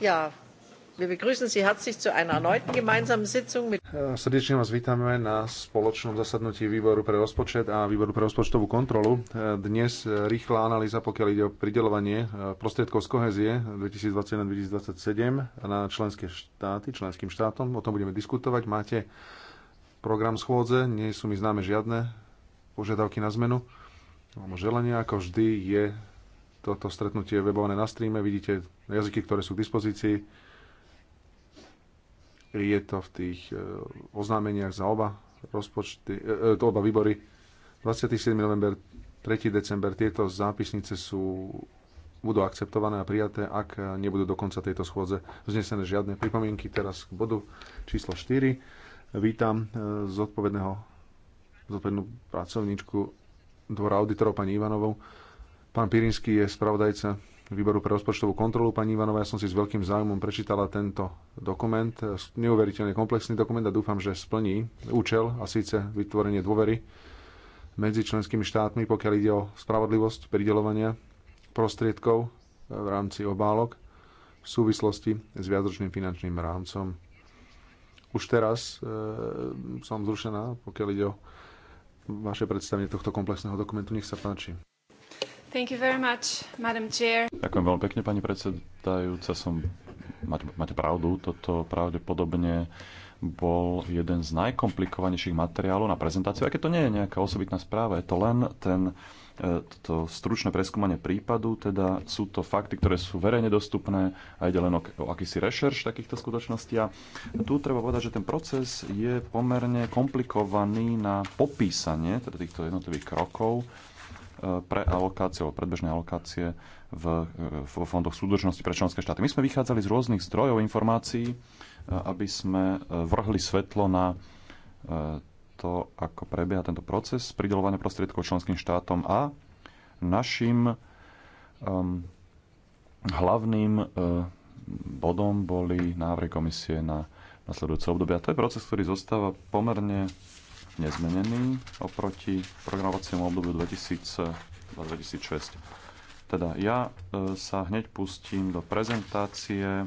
Ja, wir begrüßen Sie herzlich zu einer erneuten gemeinsamen Sitzung mit... Srdečne vás vítame na spoločnom zasadnutí výboru pre rozpočet a výboru pre rozpočtovú kontrolu. E, Dnes e, rýchla analýza, pokiaľ ide o pridelovanie e, prostriedkov z kohezie 2021-2027 na členské štáty, členským štátom. O tom budeme diskutovať. Máte program schôdze, nie sú mi známe žiadne požiadavky na zmenu. Želanie, ako vždy, je toto stretnutie je webované na streame, vidíte jazyky, ktoré sú k dispozícii. Je to v tých e, oznámeniach za oba rozpočty, e, e, to oba výbory. 27. november, 3. december, tieto zápisnice sú budú akceptované a prijaté, ak nebudú do konca tejto schôdze vznesené žiadne pripomienky. Teraz k bodu číslo 4. Vítam zodpovedného zodpovednú pracovníčku dvora auditorov pani Ivanovou. Pán Pirinsky je spravodajca výboru pre rozpočtovú kontrolu. Pani Ivanová, ja som si s veľkým záujmom prečítala tento dokument, neuveriteľne komplexný dokument a dúfam, že splní účel a síce vytvorenie dôvery medzi členskými štátmi, pokiaľ ide o spravodlivosť pridelovania prostriedkov v rámci obálok v súvislosti s viacročným finančným rámcom. Už teraz e, som zrušená, pokiaľ ide o vaše predstavenie tohto komplexného dokumentu. Nech sa páči. Thank you very much, Madam Chair. Ďakujem veľmi pekne, pani predsedajúca. Som, máte, máte pravdu, toto pravdepodobne bol jeden z najkomplikovanejších materiálov na prezentáciu, keď to nie je nejaká osobitná správa, je to len ten e, to stručné preskúmanie prípadu, teda sú to fakty, ktoré sú verejne dostupné a ide len o, o akýsi rešerš takýchto skutočností. A tu treba povedať, že ten proces je pomerne komplikovaný na popísanie teda týchto jednotlivých krokov pre alokácie alebo predbežné alokácie v, v fondoch súdržnosti pre členské štáty. My sme vychádzali z rôznych zdrojov informácií, e, aby sme e, vrhli svetlo na e, to, ako prebieha tento proces pridelovania prostriedkov členským štátom a našim um, hlavným uh, bodom boli návrhy komisie na nasledujúce obdobie. A to je proces, ktorý zostáva pomerne nezmenený oproti programovaciemu obdobiu 2000-2006. Teda ja e, sa hneď pustím do prezentácie.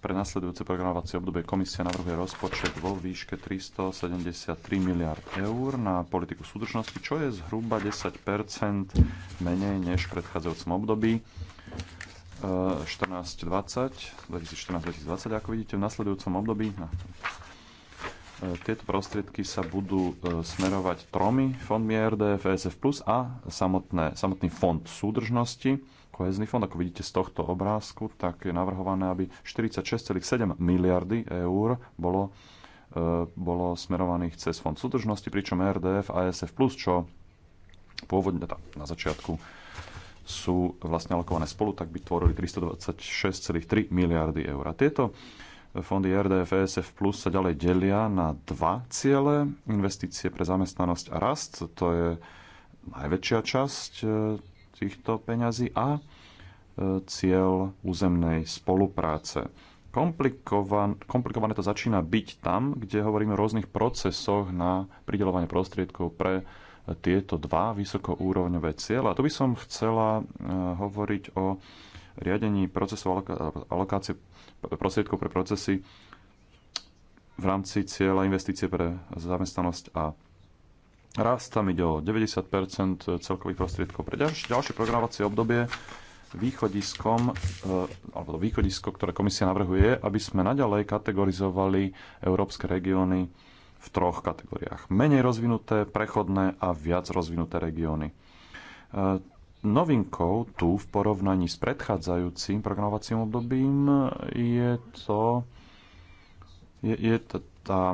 Pre nasledujúce programovacie obdobie komisia navrhuje rozpočet vo výške 373 miliard eur na politiku súdržnosti, čo je zhruba 10 menej než v predchádzajúcom období. 14-20, e, 2014-2020, ako vidíte, v nasledujúcom období, E, tieto prostriedky sa budú e, smerovať tromi fondmi e RDF, ESF Plus a samotné, samotný fond súdržnosti. Kohezný fond, ako vidíte z tohto obrázku, tak je navrhované, aby 46,7 miliardy eur bolo, bolo smerovaných cez fond súdržnosti, pričom RDF a ESF Plus, čo pôvodne teda na začiatku sú vlastne alokované spolu, tak by tvorili 326,3 miliardy eur. A tieto Fondy RDF, ESF Plus sa ďalej delia na dva ciele. Investície pre zamestnanosť a rast, to je najväčšia časť e, týchto peňazí a e, cieľ územnej spolupráce. Komplikovan, komplikované to začína byť tam, kde hovoríme o rôznych procesoch na pridelovanie prostriedkov pre e, tieto dva vysokoúrovňové cieľa. Tu by som chcela hovoriť o riadení procesov alokácie prostriedkov pre procesy v rámci cieľa investície pre zamestnanosť a rast. Tam ide o 90 celkových prostriedkov pre ďalšie, ďalšie programovacie obdobie. Východiskom, eh, alebo východisko, ktoré komisia navrhuje, aby sme naďalej kategorizovali európske regióny v troch kategóriách. Menej rozvinuté, prechodné a viac rozvinuté regióny. Eh, novinkou tu v porovnaní s predchádzajúcim programovacím obdobím je to je, je to tá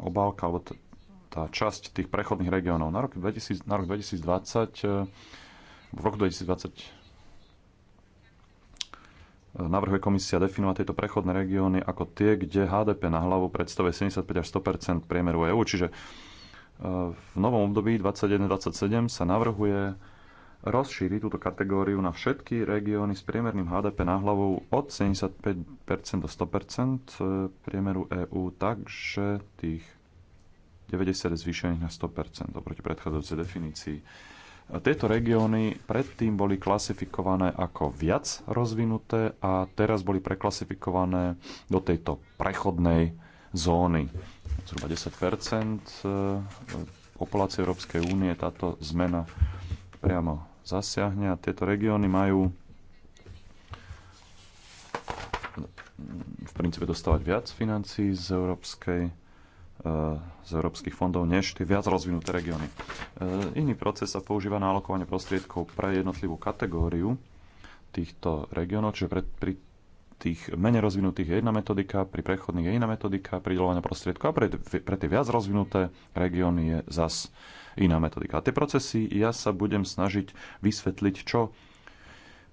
obálka alebo tá časť tých prechodných regiónov. Na rok, 2000, na rok 2020 eh, v roku 2020 eh, Navrhuje komisia definovať tieto prechodné regióny ako tie, kde HDP na hlavu predstavuje 75 až 100 priemeru EÚ. Čiže eh, v novom období 2021 2027 sa navrhuje rozšíri túto kategóriu na všetky regióny s priemerným HDP na hlavu od 75% do 100% e, priemeru EÚ, takže tých 90 je zvýšených na 100% oproti predchádzajúcej definícii. E, tieto regióny predtým boli klasifikované ako viac rozvinuté a teraz boli preklasifikované do tejto prechodnej zóny. Zhruba 10 e, populácie Európskej únie táto zmena priamo zasiahne a tieto regióny majú v princípe dostávať viac financií z európskej e, z európskych fondov než tie viac rozvinuté regióny. E, iný proces sa používa na alokovanie prostriedkov pre jednotlivú kategóriu týchto regiónov, čiže pre, pri tých menej rozvinutých je jedna metodika, pri prechodných je iná metodika pridelovania prostriedkov a pre, pre tie viac rozvinuté regióny je zas iná metodika. A tie procesy ja sa budem snažiť vysvetliť, čo e,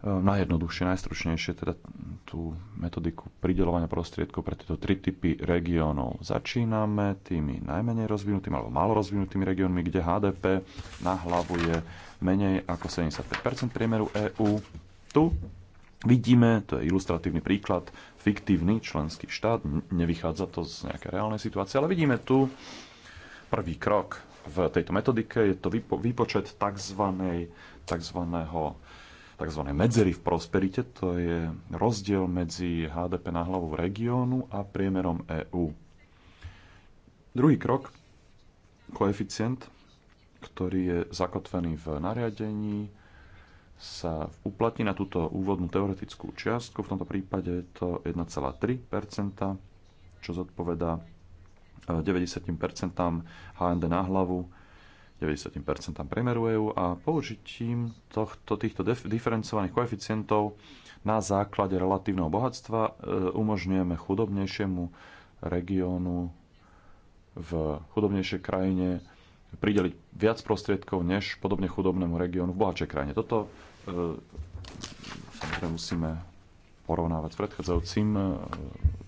najjednoduchšie, najstručnejšie teda tú metodiku pridelovania prostriedkov pre tieto tri typy regiónov. Začíname tými najmenej rozvinutými alebo malo rozvinutými regiónmi, kde HDP na hlavu je menej ako 75 priemeru EÚ. Tu Vidíme, to je ilustratívny príklad, fiktívny členský štát, nevychádza to z nejaké reálnej situácie, ale vidíme tu prvý krok v tejto metodike, je to výpočet tzv. tzv. tzv. medzery v prosperite, to je rozdiel medzi HDP na hlavu regiónu a priemerom EÚ. Druhý krok, koeficient, ktorý je zakotvený v nariadení, sa uplatní na túto úvodnú teoretickú čiastku. V tomto prípade je to 1,3 čo zodpoveda 90 HND na hlavu, 90 priemeru EU a použitím tohto, týchto diferencovaných koeficientov na základe relatívneho bohatstva eh, umožňujeme chudobnejšiemu regiónu v chudobnejšej krajine prideliť viac prostriedkov než podobne chudobnému regiónu v bohatšej krajine. Toto E, samozrejme musíme porovnávať s predchádzajúcim e,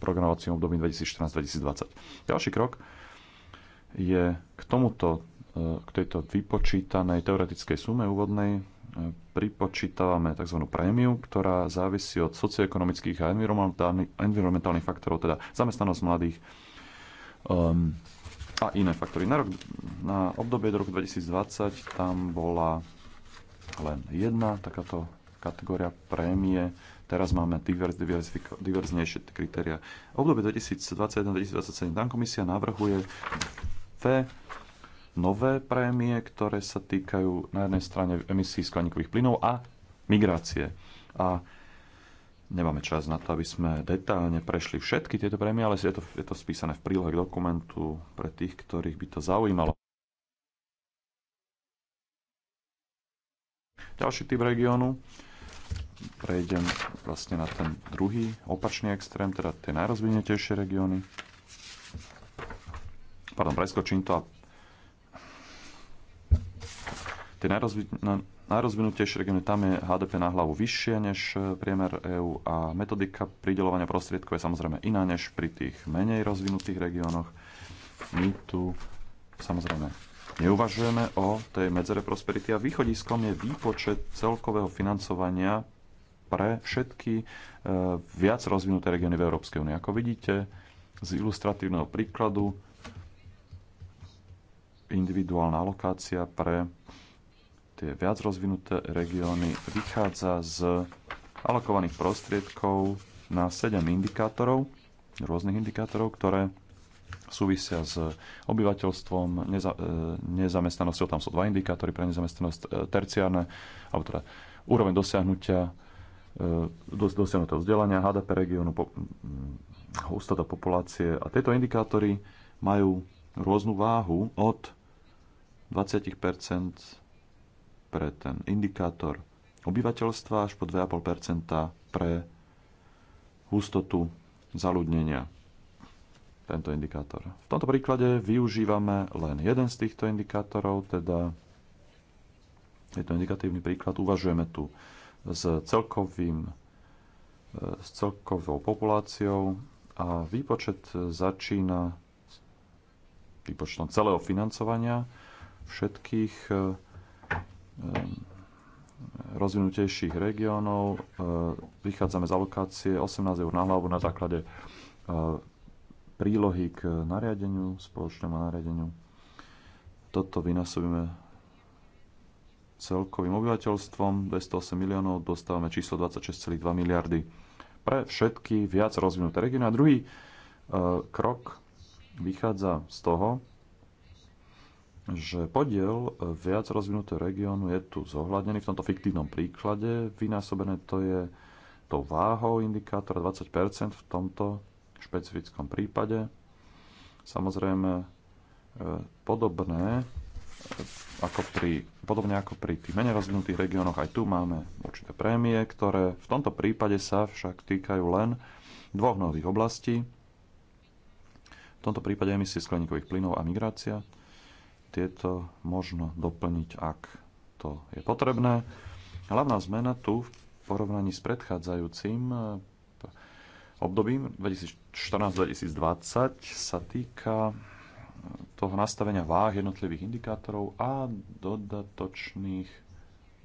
programovacím obdobím 2014-2020. Ďalší krok je k tomuto, e, k tejto vypočítanej teoretickej sume úvodnej pripočítavame tzv. prémiu, ktorá závisí od socioekonomických a environmentálnych, faktorov, teda zamestnanosť mladých um, a iné faktory. Na, rok, na obdobie do roku 2020 tam bola len jedna takáto kategória prémie. Teraz máme divers, divers, diverznejšie kritéria. období 2021-2027 tam komisia navrhuje dve nové prémie, ktoré sa týkajú na jednej strane emisí skleníkových plynov a migrácie. A nemáme čas na to, aby sme detailne prešli všetky tieto prémie, ale je to, je to spísané v prílohe k dokumentu pre tých, ktorých by to zaujímalo. ďalší typ regiónu. Prejdem vlastne na ten druhý opačný extrém, teda tie najrozvinutejšie regióny. Pardon, preskočím to a tie najrozvinutejšie regióny, tam je HDP na hlavu vyššie než e, priemer EÚ a metodika pridelovania prostriedkov je samozrejme iná než pri tých menej rozvinutých regiónoch. My tu samozrejme neuvažujeme o tej medzere prosperity a východiskom je výpočet celkového financovania pre všetky e, viac rozvinuté regióny v Európskej únie. Ako vidíte z ilustratívneho príkladu, individuálna alokácia pre tie viac rozvinuté regióny vychádza z alokovaných prostriedkov na 7 indikátorov, rôznych indikátorov, ktoré súvisia s obyvateľstvom, neza, e, nezamestnanosťou, tam sú dva indikátory pre nezamestnanosť, e, terciárne, alebo teda úroveň dosiahnutia, e, dos, dosiahnutého vzdelania, HDP regiónu, po, hustota mm, populácie. A tieto indikátory majú rôznu váhu od 20 pre ten indikátor obyvateľstva až po 2,5 pre hustotu zaludnenia tento indikátor. V tomto príklade využívame len jeden z týchto indikátorov, teda je to indikatívny príklad, uvažujeme tu s, celkovým, s celkovou populáciou a výpočet začína výpočtom celého financovania všetkých eh, eh, rozvinutejších regiónov. Eh, vychádzame z alokácie 18 eur na hlavu na základe prílohy k nariadeniu, spoločnému nariadeniu. Toto vynásobíme celkovým obyvateľstvom 208 miliónov, dostávame číslo 26,2 miliardy pre všetky viac rozvinuté regióny. A druhý e, krok vychádza z toho, že podiel e, viac rozvinutého regiónu je tu zohľadnený v tomto fiktívnom príklade. Vynásobené to je tou váhou indikátora 20% v tomto špecifickom prípade. Samozrejme, e, podobné e, ako pri, podobne ako pri tých menej rozvinutých regiónoch, aj tu máme určité prémie, ktoré v tomto prípade sa však týkajú len dvoch nových oblastí. V tomto prípade emisie skleníkových plynov a migrácia. Tieto možno doplniť, ak to je potrebné. Hlavná zmena tu v porovnaní s predchádzajúcim e, obdobím 2014-2020 sa týka eh, toho nastavenia váh jednotlivých indikátorov a dodatočných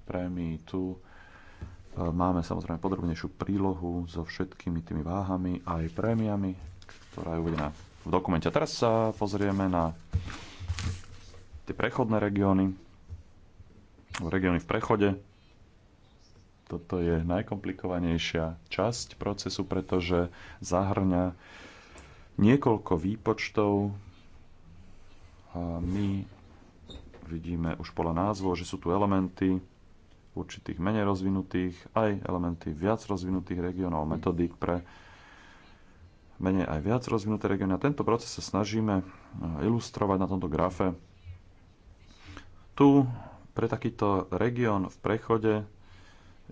prémií. Tu eh, máme samozrejme podrobnejšiu prílohu so všetkými tými váhami a aj prémiami, ktorá je uvedená v dokumente. A teraz sa pozrieme na tie prechodné regióny, regióny v prechode. Toto je najkomplikovanejšia časť procesu, pretože zahrňa niekoľko výpočtov. A my vidíme už podľa názvu, že sú tu elementy určitých menej rozvinutých, aj elementy viac rozvinutých regionov, metodík pre menej aj viac rozvinuté regióny. A tento proces sa snažíme e, ilustrovať na tomto grafe. Tu pre takýto región v prechode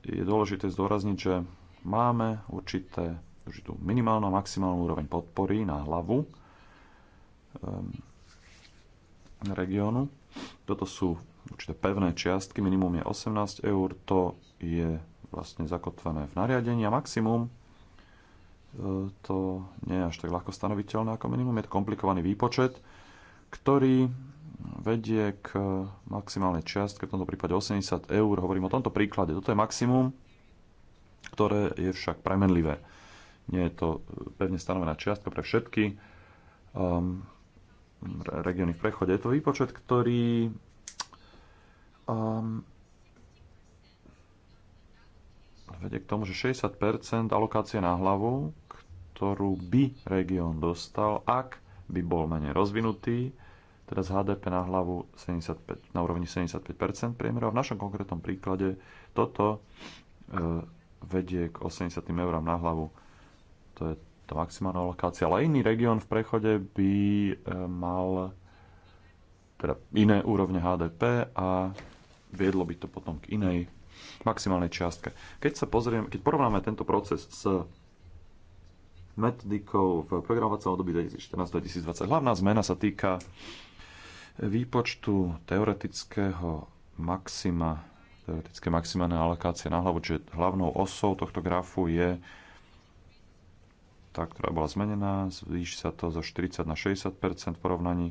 je dôležité zdôrazniť, že máme určité, určitú minimálnu a maximálnu úroveň podpory na hlavu um, regiónu. Toto sú určité pevné čiastky, minimum je 18 eur, to je vlastne zakotvené v nariadení a maximum e, to nie je až tak ľahko stanoviteľné ako minimum, je to komplikovaný výpočet, ktorý vedie k maximálnej čiastke, v tomto prípade 80 eur. Hovorím o tomto príklade. Toto je maximum, ktoré je však premenlivé. Nie je to pevne stanovená čiastka pre všetky um, regióny v prechode. Je to výpočet, ktorý um, vedie k tomu, že 60 alokácie na hlavu, ktorú by región dostal, ak by bol menej rozvinutý, teraz HDP na hlavu 75, na úrovni 75 priemeru. A v našom konkrétnom príklade toto e, vedie k 80 eurám na hlavu. To je tá maximálna lokácia. Ale iný región v prechode by e, mal teda iné úrovne HDP a viedlo by to potom k inej maximálnej čiastke. Keď sa pozrieme, keď porovnáme tento proces s metodikou v programovacom období 2014-2020, hlavná zmena sa týka výpočtu teoretického maxima, teoretické maximálne alokácie na hlavu, čiže hlavnou osou tohto grafu je tá, ktorá bola zmenená, zvýši sa to zo 40 na 60 v porovnaní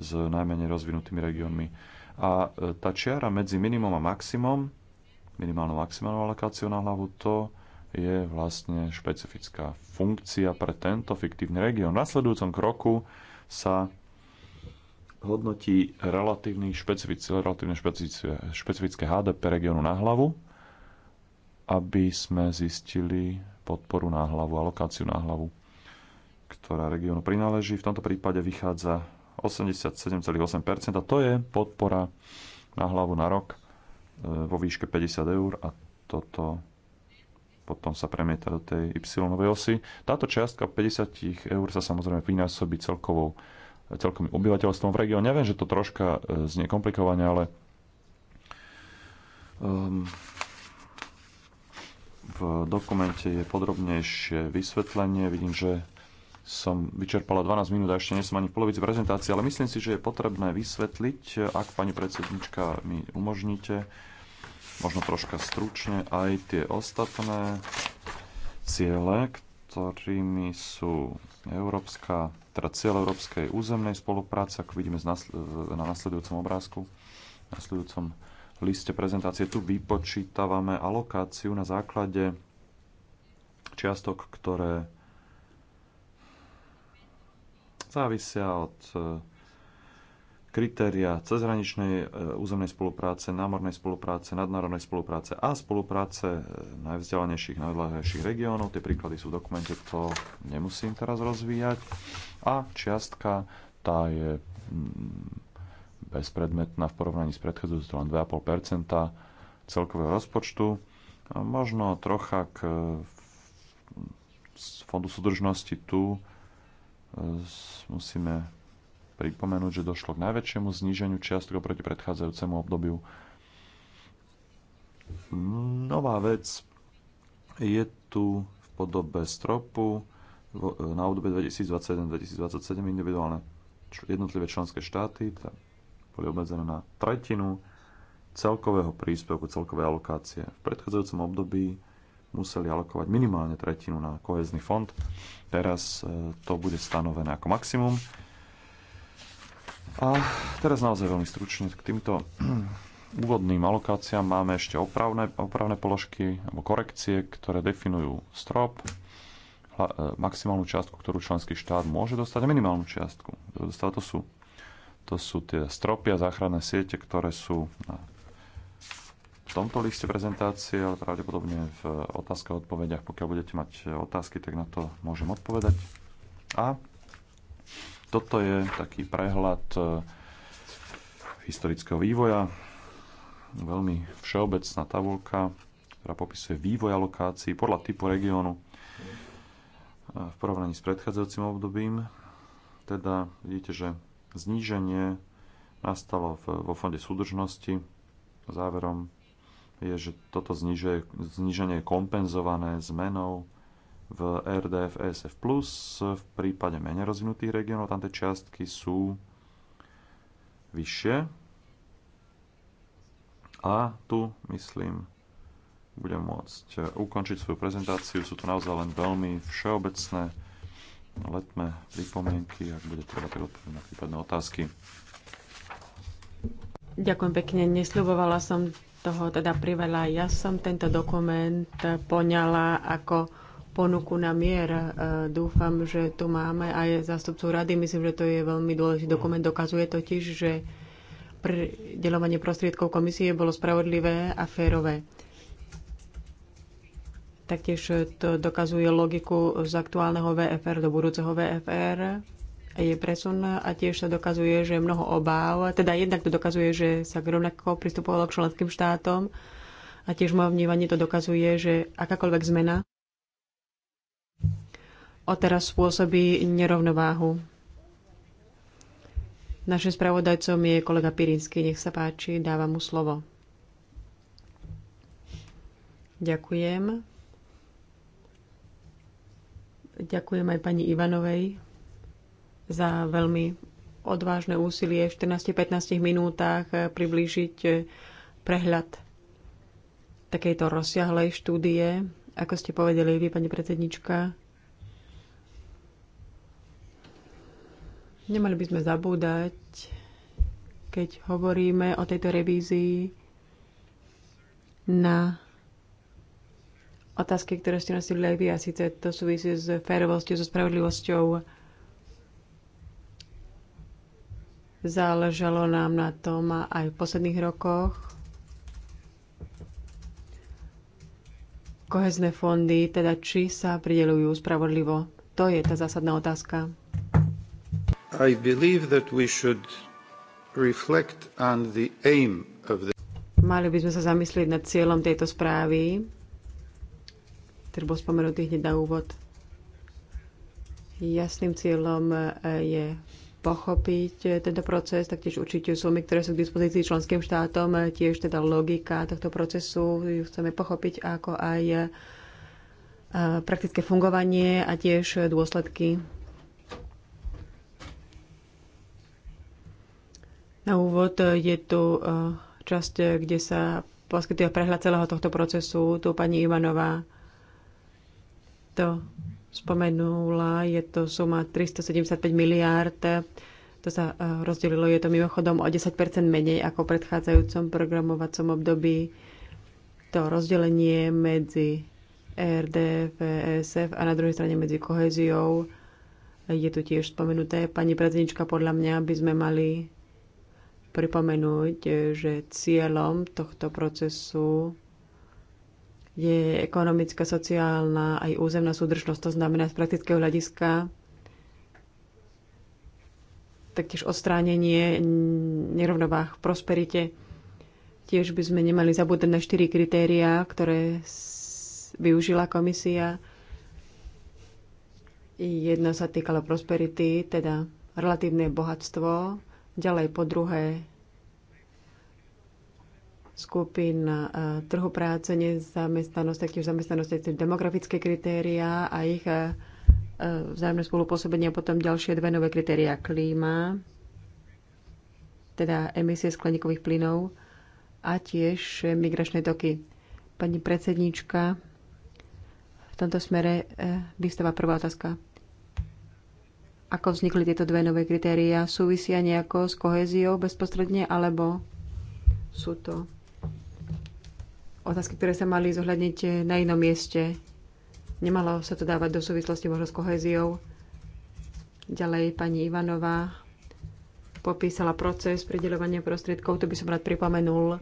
s najmenej rozvinutými regiónmi. A e, tá čiara medzi minimum a maximum, minimálnou maximálnou alokáciou na hlavu, to je vlastne špecifická funkcia pre tento fiktívny región. V nasledujúcom kroku sa hodnotí relatívny relatívne špecifické, špecifické HDP regiónu na hlavu, aby sme zistili podporu na hlavu, alokáciu na hlavu, ktorá regiónu prináleží. V tomto prípade vychádza 87,8% a to je podpora na hlavu na rok e, vo výške 50 eur a toto potom sa premieta do tej y osy. Táto čiastka 50 eur sa samozrejme vynásobí celkovou celkom obyvateľstvom v regióne. Neviem, že to troška e, znie komplikovane, ale um, v dokumente je podrobnejšie vysvetlenie. Vidím, že som vyčerpala 12 minút a ešte nie som ani v polovici prezentácie, ale myslím si, že je potrebné vysvetliť, ak pani predsednička mi umožníte, možno troška stručne, aj tie ostatné ciele, ktorými sú európska, teda cieľ európskej územnej spolupráce, ako vidíme na nasledujúcom obrázku, nasledujúcom liste prezentácie. Tu vypočítavame alokáciu na základe čiastok, ktoré závisia od kritéria cezhraničnej e, územnej spolupráce, námornej spolupráce, nadnárodnej spolupráce a spolupráce e, najvzdialenejších, najvzdialenejších regiónov. Tie príklady sú v dokumente, to nemusím teraz rozvíjať. A čiastka, tá je mm, bezpredmetná v porovnaní s predchádzajúcim len 2,5 celkového rozpočtu. Možno trocha k e, z Fondu súdržnosti tu musíme pripomenúť, že došlo k najväčšiemu zníženiu čiastok oproti predchádzajúcemu obdobiu. Nová vec je tu v podobe stropu e, na obdobie 2021-2027 individuálne jednotlivé členské štáty teda boli obmedzené na tretinu celkového príspevku, celkovej alokácie. V predchádzajúcom období museli alokovať minimálne tretinu na kohezný fond. Teraz e, to bude stanovené ako maximum a teraz naozaj veľmi stručne k týmto úvodným alokáciám máme ešte opravné, opravné položky alebo korekcie, ktoré definujú strop, e, maximálnu čiastku, ktorú členský štát môže dostať a minimálnu čiastku, To sú, to sú tie stropy a záchranné siete, ktoré sú na tomto liste prezentácie, ale pravdepodobne v otázkach a odpovediach, pokiaľ budete mať otázky, tak na to môžem odpovedať. A toto je taký prehľad e, historického vývoja, veľmi všeobecná tabulka, ktorá popisuje vývoj lokácií podľa typu regiónu e, v porovnaní s predchádzajúcim obdobím. Teda vidíte, že zníženie nastalo vo fonde súdržnosti. Záverom je, že toto zníženie je kompenzované zmenou v RDF ESF+. V prípade menej rozvinutých regiónov tam tie čiastky sú vyššie. A tu, myslím, budem môcť eh, ukončiť svoju prezentáciu. Sú to naozaj len veľmi všeobecné letné pripomienky, ak bude treba, tak odpovedať na prípadné otázky. Ďakujem pekne. Nesľubovala som toho teda priveľa. Ja som tento dokument poňala ako ponuku na mier. E, dúfam, že tu máme aj zástupcu rady. Myslím, že to je veľmi dôležitý dokument. Dokazuje totiž, že pridelovanie prostriedkov komisie bolo spravodlivé a férové. Taktiež to dokazuje logiku z aktuálneho VFR do budúceho VFR je presun a tiež sa dokazuje, že je mnoho obáv. Teda jednak to dokazuje, že sa rovnako pristupovalo k členským štátom a tiež moje vnívanie to dokazuje, že akákoľvek zmena o teraz spôsobí nerovnováhu. Našim spravodajcom je kolega Pirinsky. Nech sa páči, dávam mu slovo. Ďakujem. Ďakujem aj pani Ivanovej za veľmi odvážne úsilie v 14-15 minútach priblížiť prehľad takejto rozsiahlej štúdie. Ako ste povedali vy, pani predsednička, Nemali by sme zabúdať, keď hovoríme o tejto revízii na otázky, ktoré ste nosili aj vy, a síce to súvisí s férovosťou, so spravodlivosťou. Záležalo nám na tom aj v posledných rokoch. Kohezné fondy, teda či sa pridelujú spravodlivo. To je tá zásadná otázka. I believe that we should reflect on the aim of the... Mali by sme sa zamyslieť nad cieľom tejto správy, ktorý bol spomenutý hneď na úvod. Jasným cieľom e, je pochopiť e, tento proces, taktiež určite sumy, ktoré sú k dispozícii členským štátom, e, tiež teda logika tohto procesu, ju chceme pochopiť ako aj praktické fungovanie a tiež dôsledky Na úvod eh, je tu eh, časť, eh, kde sa poskytuje prehľad celého tohto procesu. Tu pani Ivanová to spomenula. Je to suma 375 miliárd. To sa rozdelilo. Je to mimochodom o 10 menej ako v predchádzajúcom programovacom období. To rozdelenie medzi RDF, ESF a na druhej strane medzi koheziou je tu tiež spomenuté. Pani predsednička, podľa mňa by sme mali pripomenúť, e, že cieľom tohto procesu je ekonomická, sociálna aj územná súdržnosť. To znamená z praktického hľadiska taktiež odstránenie nerovnováh v prosperite. Tiež by sme nemali zabúdať na štyri kritériá, ktoré využila komisia. Jedno sa týkalo prosperity, teda relatívne bohatstvo, Ďalej po druhé, skupín e, trhu práce, nezamestnanosť, taktiež zamestnanosť, demografické kritériá a ich e, e, vzájomné spolupôsobenie a potom ďalšie dve nové kritériá klíma, teda emisie skleníkových plynov a tiež migračné toky. Pani predsedníčka, v tomto smere výstava prvá otázka. Ako vznikli tieto dve nové kritéria? Súvisia nejako s kohéziou bezprostredne, alebo sú to otázky, ktoré sa mali zohľadniť na inom mieste? Nemalo sa to dávať do súvislosti možno s kohéziou. Ďalej pani Ivanová popísala proces prideľovania prostriedkov. To by som rád pripomenul.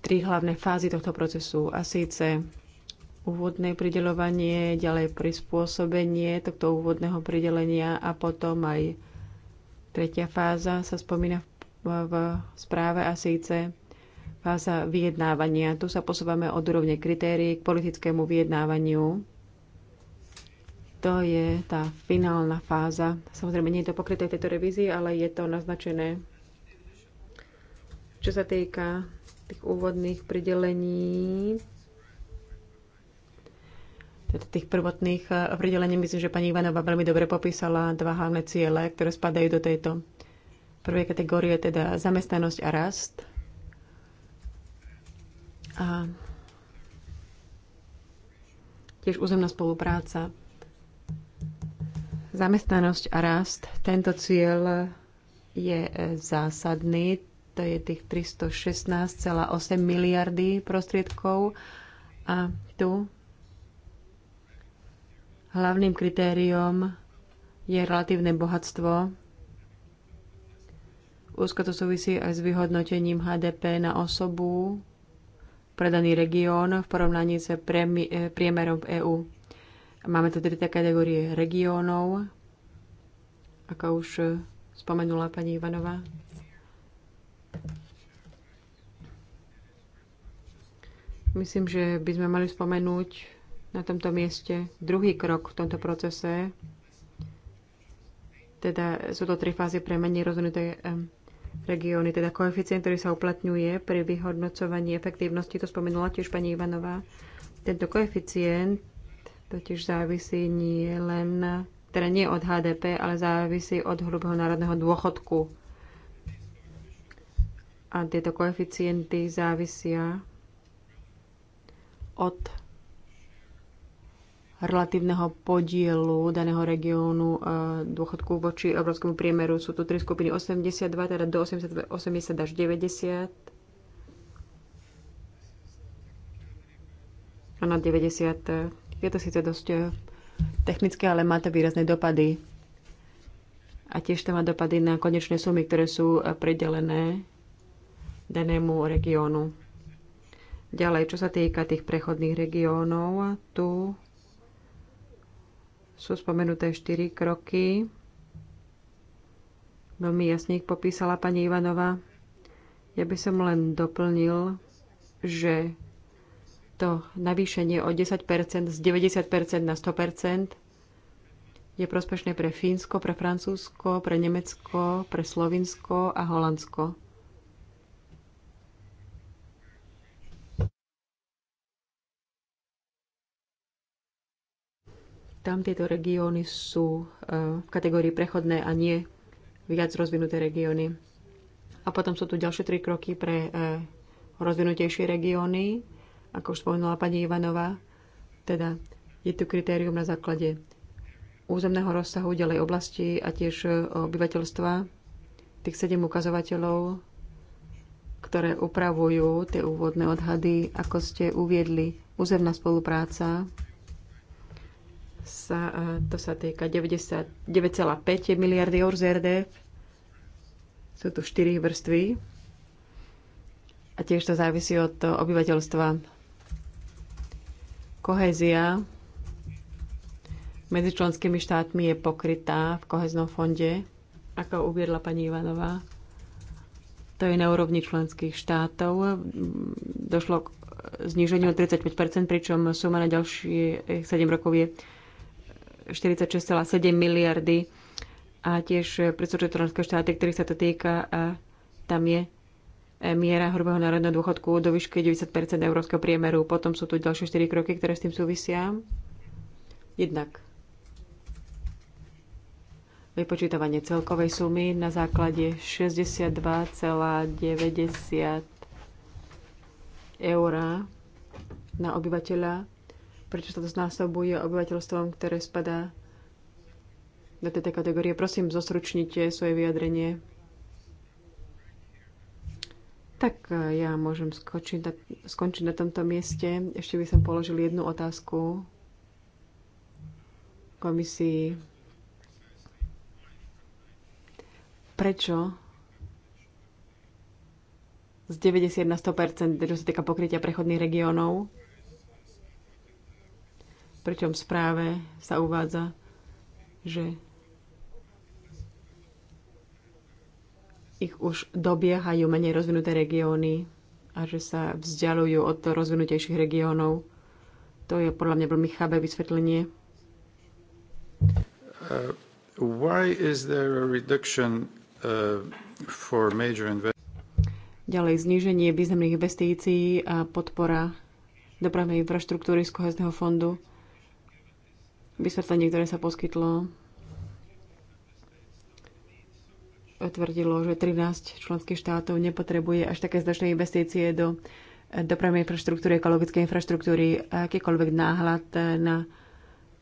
Tri hlavné fázy tohto procesu a síce úvodné pridelovanie, ďalej prispôsobenie tohto úvodného pridelenia a potom aj tretia fáza sa spomína v, v správe a síce fáza vyjednávania. Tu sa posúvame od úrovne kritérií k politickému vyjednávaniu. To je tá finálna fáza. Samozrejme, nie je to pokryté v tejto revízii, ale je to naznačené. Čo sa týka tých úvodných pridelení, teda tých prvotných eh, pridelení. Myslím, že pani Ivanova veľmi dobre popísala dva hlavné ciele, ktoré spadajú do tejto prvej kategórie, teda zamestnanosť a rast. A tiež územná spolupráca. Zamestnanosť a rast. Tento cieľ je eh, zásadný. To je tých 316,8 miliardy prostriedkov. A tu Hlavným kritériom je relatívne bohatstvo. Úzko to súvisí aj s vyhodnotením HDP na osobu predaný región v porovnaní s e, priemerom v EÚ. Máme tu tri kategórie regiónov, ako už spomenula pani Ivanová. Myslím, že by sme mali spomenúť na tomto mieste druhý krok v tomto procese. Teda sú to tri fázy pre menej rozvinuté regióny, teda koeficient, ktorý sa uplatňuje pri vyhodnocovaní efektívnosti, to spomenula tiež pani Ivanová. Tento koeficient totiž závisí nie len, teda nie od HDP, ale závisí od hrubého národného dôchodku. A tieto koeficienty závisia od relatívneho podielu daného regiónu e, dôchodku voči európskemu priemeru. Sú tu tri skupiny 82, teda do 80, 80 až 90 a na 90. E, je to síce dosť e, technické, ale má to výrazné dopady. A tiež to má dopady na konečné sumy, ktoré sú pridelené danému regiónu. Ďalej, čo sa týka tých prechodných regiónov, tu sú spomenuté štyri kroky. Veľmi jasne ich popísala pani Ivanova. Ja by som len doplnil, že to navýšenie o 10 z 90 na 100 je prospešné pre Fínsko, pre Francúzsko, pre Nemecko, pre Slovinsko a Holandsko. Tam tieto regióny sú e, v kategórii prechodné a nie viac rozvinuté regióny. A potom sú tu ďalšie tri kroky pre e, rozvinutejšie regióny, ako už spomenula pani Ivanová. Teda je tu kritérium na základe územného rozsahu, ďalej oblasti a tiež e, obyvateľstva. Tých sedem ukazovateľov, ktoré upravujú tie úvodné odhady, ako ste uviedli, územná spolupráca, sa, e, to sa týka 9,5 miliardy eur z RDF. Sú tu 4 vrstvy. A tiež to závisí od obyvateľstva. Kohézia medzi členskými štátmi je pokrytá v koheznom fonde, ako uviedla pani Ivanová. To je na úrovni členských štátov. Došlo k zníženiu 35%, pričom suma na ďalšie 7 rokov je 46,7 miliardy a tiež eh, príslušné členské štáty, ktorých sa to týka, a tam je eh, miera hrubého národného dôchodku do výšky 90 európskeho priemeru. Potom sú tu ďalšie 4 kroky, ktoré s tým súvisia. Jednak vypočítavanie celkovej sumy na základe 62,90 eur na obyvateľa prečo sa to znásobuje obyvateľstvom, ktoré spadá do tejto kategórie. Prosím, zosručnite svoje vyjadrenie. Tak e, ja môžem skočiť na, skončiť na tomto mieste. Ešte by som položil jednu otázku komisii. Prečo z 90 na 100%, čo sa týka pokrytia prechodných regiónov, pričom v správe sa uvádza, že ich už dobiehajú menej rozvinuté regióny a že sa vzdialujú od rozvinutejších regiónov. To je podľa mňa veľmi chábe vysvetlenie. Uh, why is there a reduction uh, for major Ďalej zníženie významných investícií a podpora dopravnej infraštruktúry z kohezného fondu. Vysvetlenie, ktoré sa poskytlo, tvrdilo, že 13 členských štátov nepotrebuje až také značné investície do dopravnej infraštruktúry, ekologickej infraštruktúry, akýkoľvek náhľad na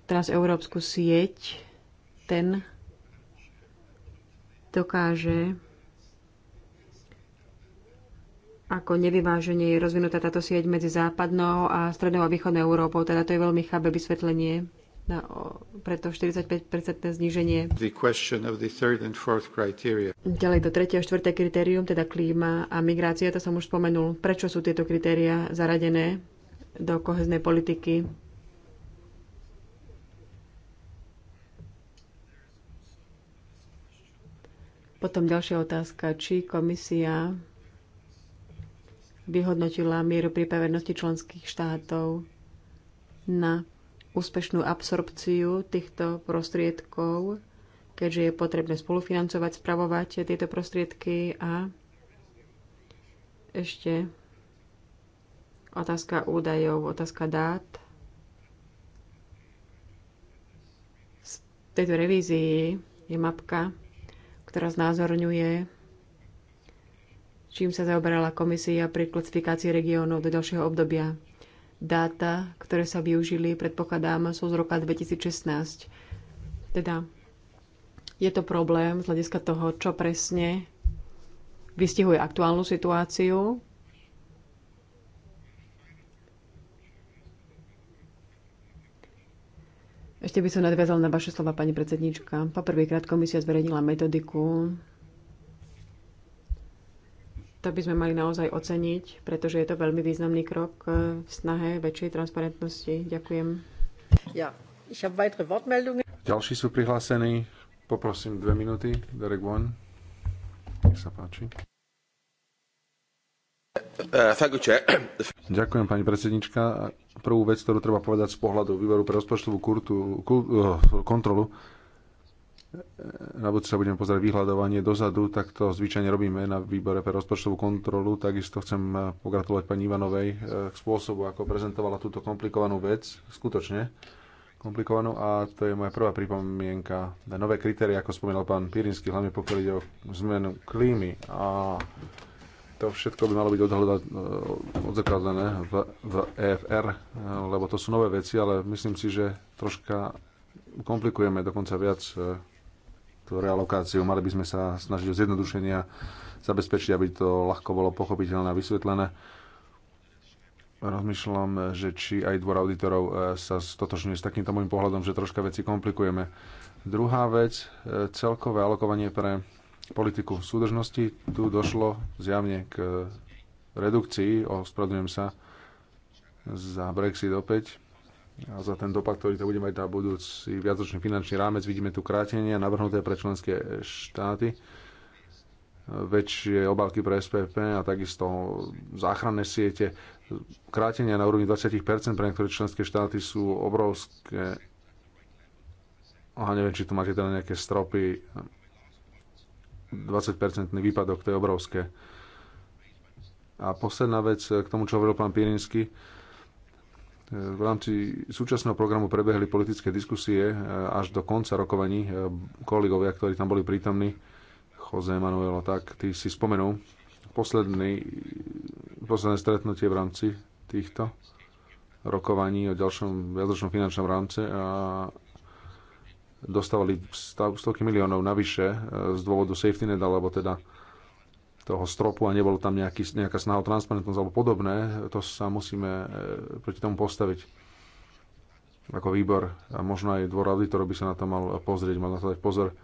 transeurópsku sieť, ten dokáže ako nevyváženie je rozvinutá táto sieť medzi západnou a strednou a východnou Európou. Teda to je veľmi chábe vysvetlenie na preto 45-percentné zníženie. Ďalej to tretie a štvrté kritérium, teda klíma a migrácia, to som už spomenul. Prečo sú tieto kritéria zaradené do koheznej politiky? Potom ďalšia otázka, či komisia vyhodnotila mieru pripravenosti členských štátov na úspešnú absorpciu týchto prostriedkov, keďže je potrebné spolufinancovať, spravovať tieto prostriedky a ešte otázka údajov, otázka dát. V tejto revízii je mapka, ktorá znázorňuje, čím sa zaoberala komisia pri klasifikácii regiónov do ďalšieho obdobia dáta, ktoré sa využili, predpokladám, sú z roka 2016. Teda je to problém z hľadiska toho, čo presne vystihuje aktuálnu situáciu. Ešte by som nadviazal na vaše slova, pani predsedníčka. Poprvýkrát komisia zverejnila metodiku to by sme mali naozaj oceniť, pretože je to veľmi významný krok e, v snahe väčšej transparentnosti. Ďakujem. Ja, ich habe weitere Wortmeldungen. Ďalší sú prihlásení. Poprosím dve minúty. Derek One. Nech sa páči. E, Ďakujem, pani predsednička. Prvú vec, ktorú treba povedať z pohľadu výboru pre rozpočtovú kurtu, e, kontrolu, na budúce sa budeme pozerať vyhľadovanie dozadu, tak to zvyčajne robíme na výbore pre rozpočtovú kontrolu. Takisto chcem eh, pogratulovať pani Ivanovej eh, k spôsobu, ako prezentovala túto komplikovanú vec, skutočne komplikovanú a to je moja prvá pripomienka. Nové kritérie, ako spomínal pán Pirinsky, hlavne pokiaľ ide o zmenu klímy a to všetko by malo byť eh, odzrkadlené v, v EFR, lebo to sú nové veci, ale myslím si, že troška komplikujeme dokonca viac tú realokáciu. Mali by sme sa snažiť o zjednodušenia, zabezpečiť, aby to ľahko bolo pochopiteľné a vysvetlené. Rozmýšľam, že či aj dvor auditorov e, sa stotočňuje s takýmto môjim pohľadom, že troška veci komplikujeme. Druhá vec, e, celkové alokovanie pre politiku súdržnosti. Tu došlo zjavne k redukcii, ospravedlňujem sa za Brexit opäť, a za ten dopad, ktorý to bude mať na budúci viacročný finančný rámec. Vidíme tu krátenie navrhnuté pre členské štáty, väčšie obálky pre SPP a takisto záchranné siete. Krátenia na úrovni 20% pre niektoré členské štáty sú obrovské. A neviem, či tu máte teda nejaké stropy. 20% výpadok, to je obrovské. A posledná vec k tomu, čo hovoril pán Pirinsky v rámci súčasného programu prebehli politické diskusie e, až do konca rokovaní. E, kolegovia, ktorí tam boli prítomní, Jose Manuel, tak tí si spomenú posledný, posledné stretnutie v rámci týchto rokovaní o ďalšom viacročnom finančnom rámce a dostávali stovky miliónov navyše e, z dôvodu safety net, alebo teda toho stropu a nebolo tam nejaký, nejaká snaha o transparentnosť alebo podobné, to sa musíme e, proti tomu postaviť ako výbor a možno aj dvor auditorov by sa na to mal pozrieť, mal na to dať pozor. E,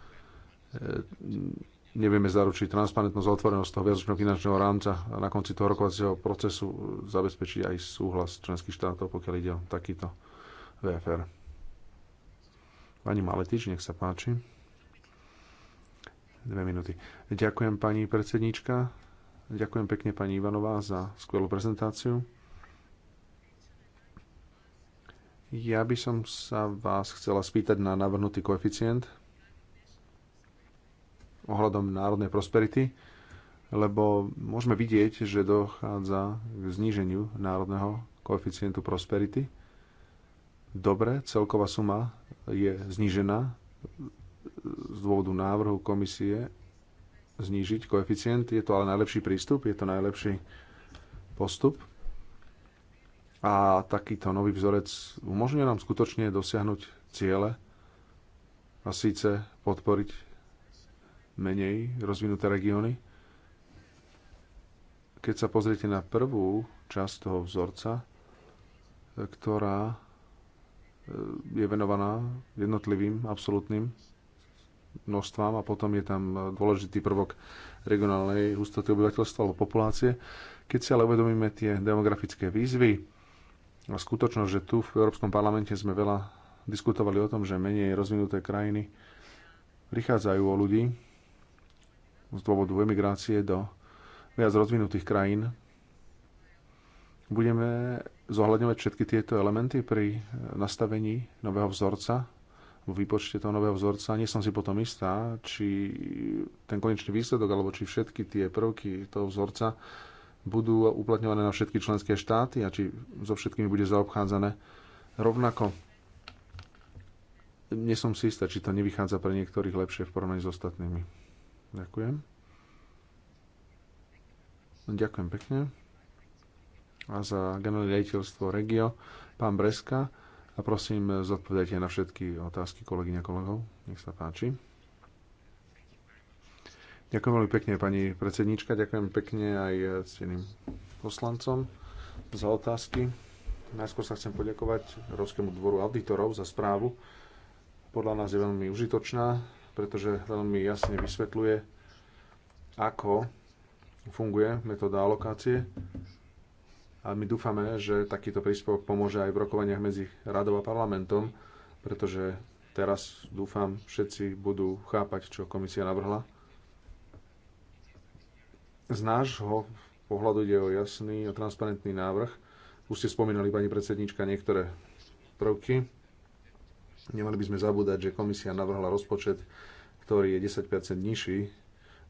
nevieme zaručiť transparentnosť a otvorenosť toho viacročného finančného rámca a na konci toho rokovacieho procesu zabezpečí aj súhlas členských štátov, pokiaľ ide o takýto VFR. Pani Maletič, nech sa páči. Dve minúty. Ďakujem pani predsedníčka. Ďakujem pekne pani Ivanová za skvelú prezentáciu. Ja by som sa vás chcela spýtať na navrhnutý koeficient ohľadom národnej prosperity, lebo môžeme vidieť, že dochádza k zníženiu národného koeficientu prosperity. Dobre, celková suma je znížená z dôvodu návrhu komisie znížiť koeficient. Je to ale najlepší prístup, je to najlepší postup. A takýto nový vzorec umožňuje nám skutočne dosiahnuť ciele a síce podporiť menej rozvinuté regióny. Keď sa pozriete na prvú časť toho vzorca, ktorá e, je venovaná jednotlivým absolútnym množstvám a potom je tam eh, dôležitý prvok regionálnej hustoty obyvateľstva alebo populácie. Keď si ale uvedomíme tie demografické výzvy a skutočnosť, že tu v Európskom parlamente sme veľa diskutovali o tom, že menej rozvinuté krajiny prichádzajú o ľudí z dôvodu emigrácie do viac rozvinutých krajín, budeme zohľadňovať všetky tieto elementy pri eh, nastavení nového vzorca výpočte toho nového vzorca. Nie som si potom istá, či ten konečný výsledok alebo či všetky tie prvky toho vzorca budú uplatňované na všetky členské štáty a či so všetkými bude zaobchádzané rovnako. Nie som si istá, či to nevychádza pre niektorých lepšie v porovnaní s ostatnými. Ďakujem. Ďakujem pekne. A za generálne Regio, pán Breska. A prosím, zodpovedajte na všetky otázky kolegyň a kolegov. Nech sa páči. Ďakujem veľmi pekne, pani predsednička. Ďakujem pekne aj cieným poslancom za otázky. Najskôr sa chcem poďakovať Európskemu dvoru auditorov za správu. Podľa nás je veľmi užitočná, pretože veľmi jasne vysvetľuje, ako funguje metóda alokácie a my dúfame, že takýto príspevok pomôže aj v rokovaniach medzi radou a parlamentom, pretože teraz dúfam, všetci budú chápať, čo komisia navrhla. Z nášho pohľadu ide o jasný a transparentný návrh. Už ste spomínali, pani predsednička, niektoré prvky. Nemali by sme zabúdať, že komisia navrhla rozpočet, ktorý je 10 nižší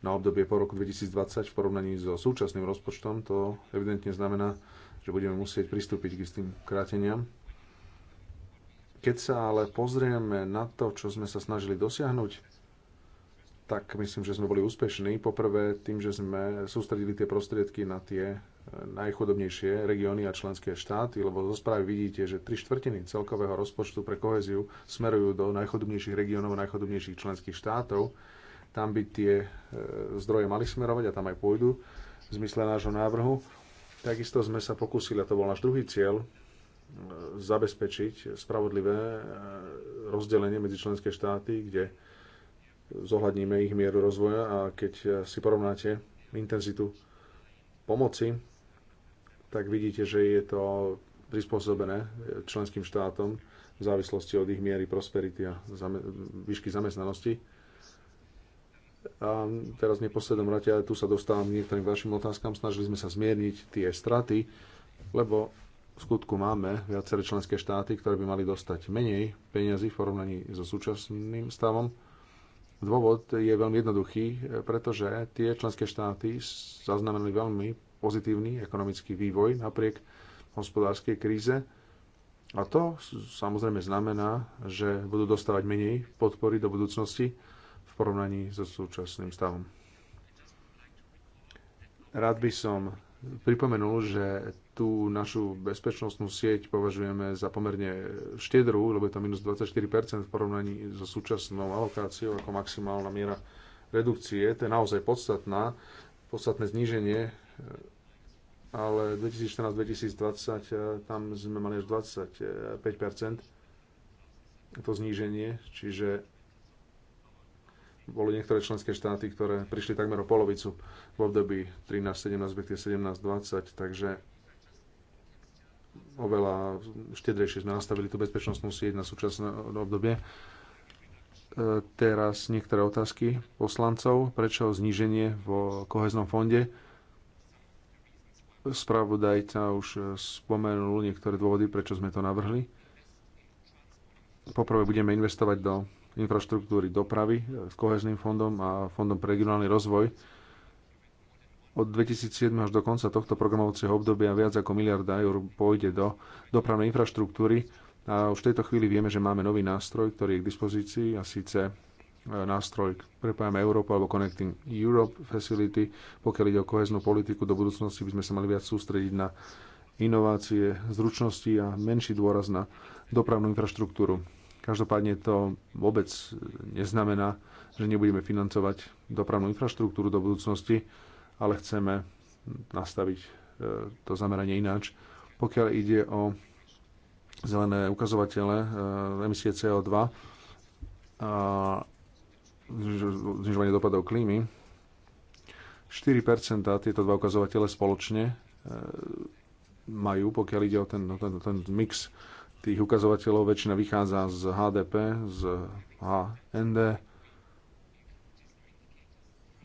na obdobie po roku 2020 v porovnaní so súčasným rozpočtom. To evidentne znamená, že budeme musieť pristúpiť k istým kráteniam. Keď sa ale pozrieme na to, čo sme sa snažili dosiahnuť, tak myslím, že sme boli úspešní. Poprvé tým, že sme sústredili tie prostriedky na tie eh, najchudobnejšie regióny a členské štáty, lebo zo správy vidíte, že tri štvrtiny celkového rozpočtu pre koheziu smerujú do najchudobnejších regiónov a najchudobnejších členských štátov tam by tie e, zdroje mali smerovať a tam aj pôjdu v zmysle nášho návrhu. Takisto sme sa pokúsili, a to bol náš druhý cieľ, e, zabezpečiť spravodlivé e, rozdelenie medzi členské štáty, kde zohľadníme ich mieru rozvoja a keď si porovnáte intenzitu pomoci, tak vidíte, že je to prispôsobené členským štátom v závislosti od ich miery prosperity a výšky zamestnanosti a teraz v neposlednom rade, tu sa dostávam k niektorým vašim otázkam, snažili sme sa zmierniť tie straty, lebo v skutku máme viaceré členské štáty, ktoré by mali dostať menej peniazy v porovnaní so súčasným stavom. Dôvod je veľmi jednoduchý, pretože tie členské štáty zaznamenali veľmi pozitívny ekonomický vývoj napriek hospodárskej kríze. A to samozrejme znamená, že budú dostávať menej podpory do budúcnosti v porovnaní so súčasným stavom. Rád by som pripomenul, že tú našu bezpečnostnú sieť považujeme za pomerne štedrú, lebo je to minus 24% v porovnaní so súčasnou alokáciou ako maximálna miera redukcie. To je naozaj podstatná, podstatné zníženie, ale 2014-2020 tam sme mali až 25% to zníženie, čiže boli niektoré členské štáty, ktoré prišli takmer o polovicu v období 13-17, respektíve 17-20, takže oveľa štedrejšie sme nastavili tú bezpečnostnú sieť na súčasné obdobie. E, teraz niektoré otázky poslancov. Prečo zníženie vo koheznom fonde? Spravodajca už spomenul niektoré dôvody, prečo sme to navrhli. Poprvé budeme investovať do infraštruktúry dopravy e, s kohezným fondom a fondom pre regionálny rozvoj. Od 2007 až do konca tohto programovacieho obdobia viac ako miliarda eur pôjde do dopravnej infraštruktúry a už v tejto chvíli vieme, že máme nový nástroj, ktorý je k dispozícii a síce e, nástroj Prepájame Európu alebo Connecting Europe Facility. Pokiaľ ide o koheznú politiku, do budúcnosti by sme sa mali viac sústrediť na inovácie, zručnosti a menší dôraz na dopravnú infraštruktúru. Každopádne to vôbec neznamená, že nebudeme financovať dopravnú infraštruktúru do budúcnosti, ale chceme nastaviť e, to zameranie ináč. Pokiaľ ide o zelené ukazovatele e, emisie CO2 a znižovanie dopadov klímy, 4% tieto dva ukazovatele spoločne e, majú, pokiaľ ide o ten, ten, ten mix tých ukazovateľov väčšina vychádza z HDP, z HND.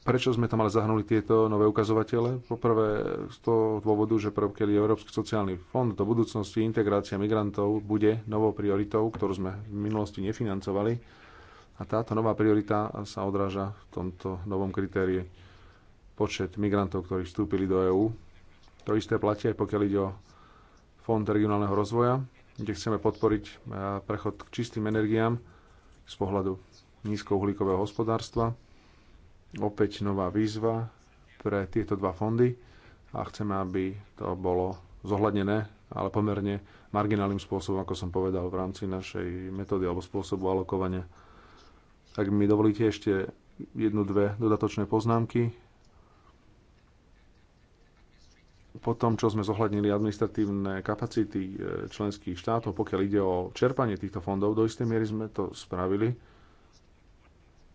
Prečo sme tam ale zahrnuli tieto nové ukazovatele? Poprvé z toho dôvodu, že prvkedy Európsky sociálny fond do budúcnosti integrácia migrantov bude novou prioritou, ktorú sme v minulosti nefinancovali. A táto nová priorita sa odráža v tomto novom kritérii počet migrantov, ktorí vstúpili do EÚ. To isté platí aj pokiaľ ide o Fond regionálneho rozvoja, kde chceme podporiť e, prechod k čistým energiám z pohľadu nízkouhlíkového hospodárstva. Opäť nová výzva pre tieto dva fondy a chceme, aby to bolo zohľadnené, ale pomerne marginálnym spôsobom, ako som povedal, v rámci našej metódy alebo spôsobu alokovania. Tak mi dovolíte ešte jednu, dve dodatočné poznámky po tom, čo sme zohľadnili administratívne kapacity e, členských štátov, pokiaľ ide o čerpanie týchto fondov, do istej miery sme to spravili,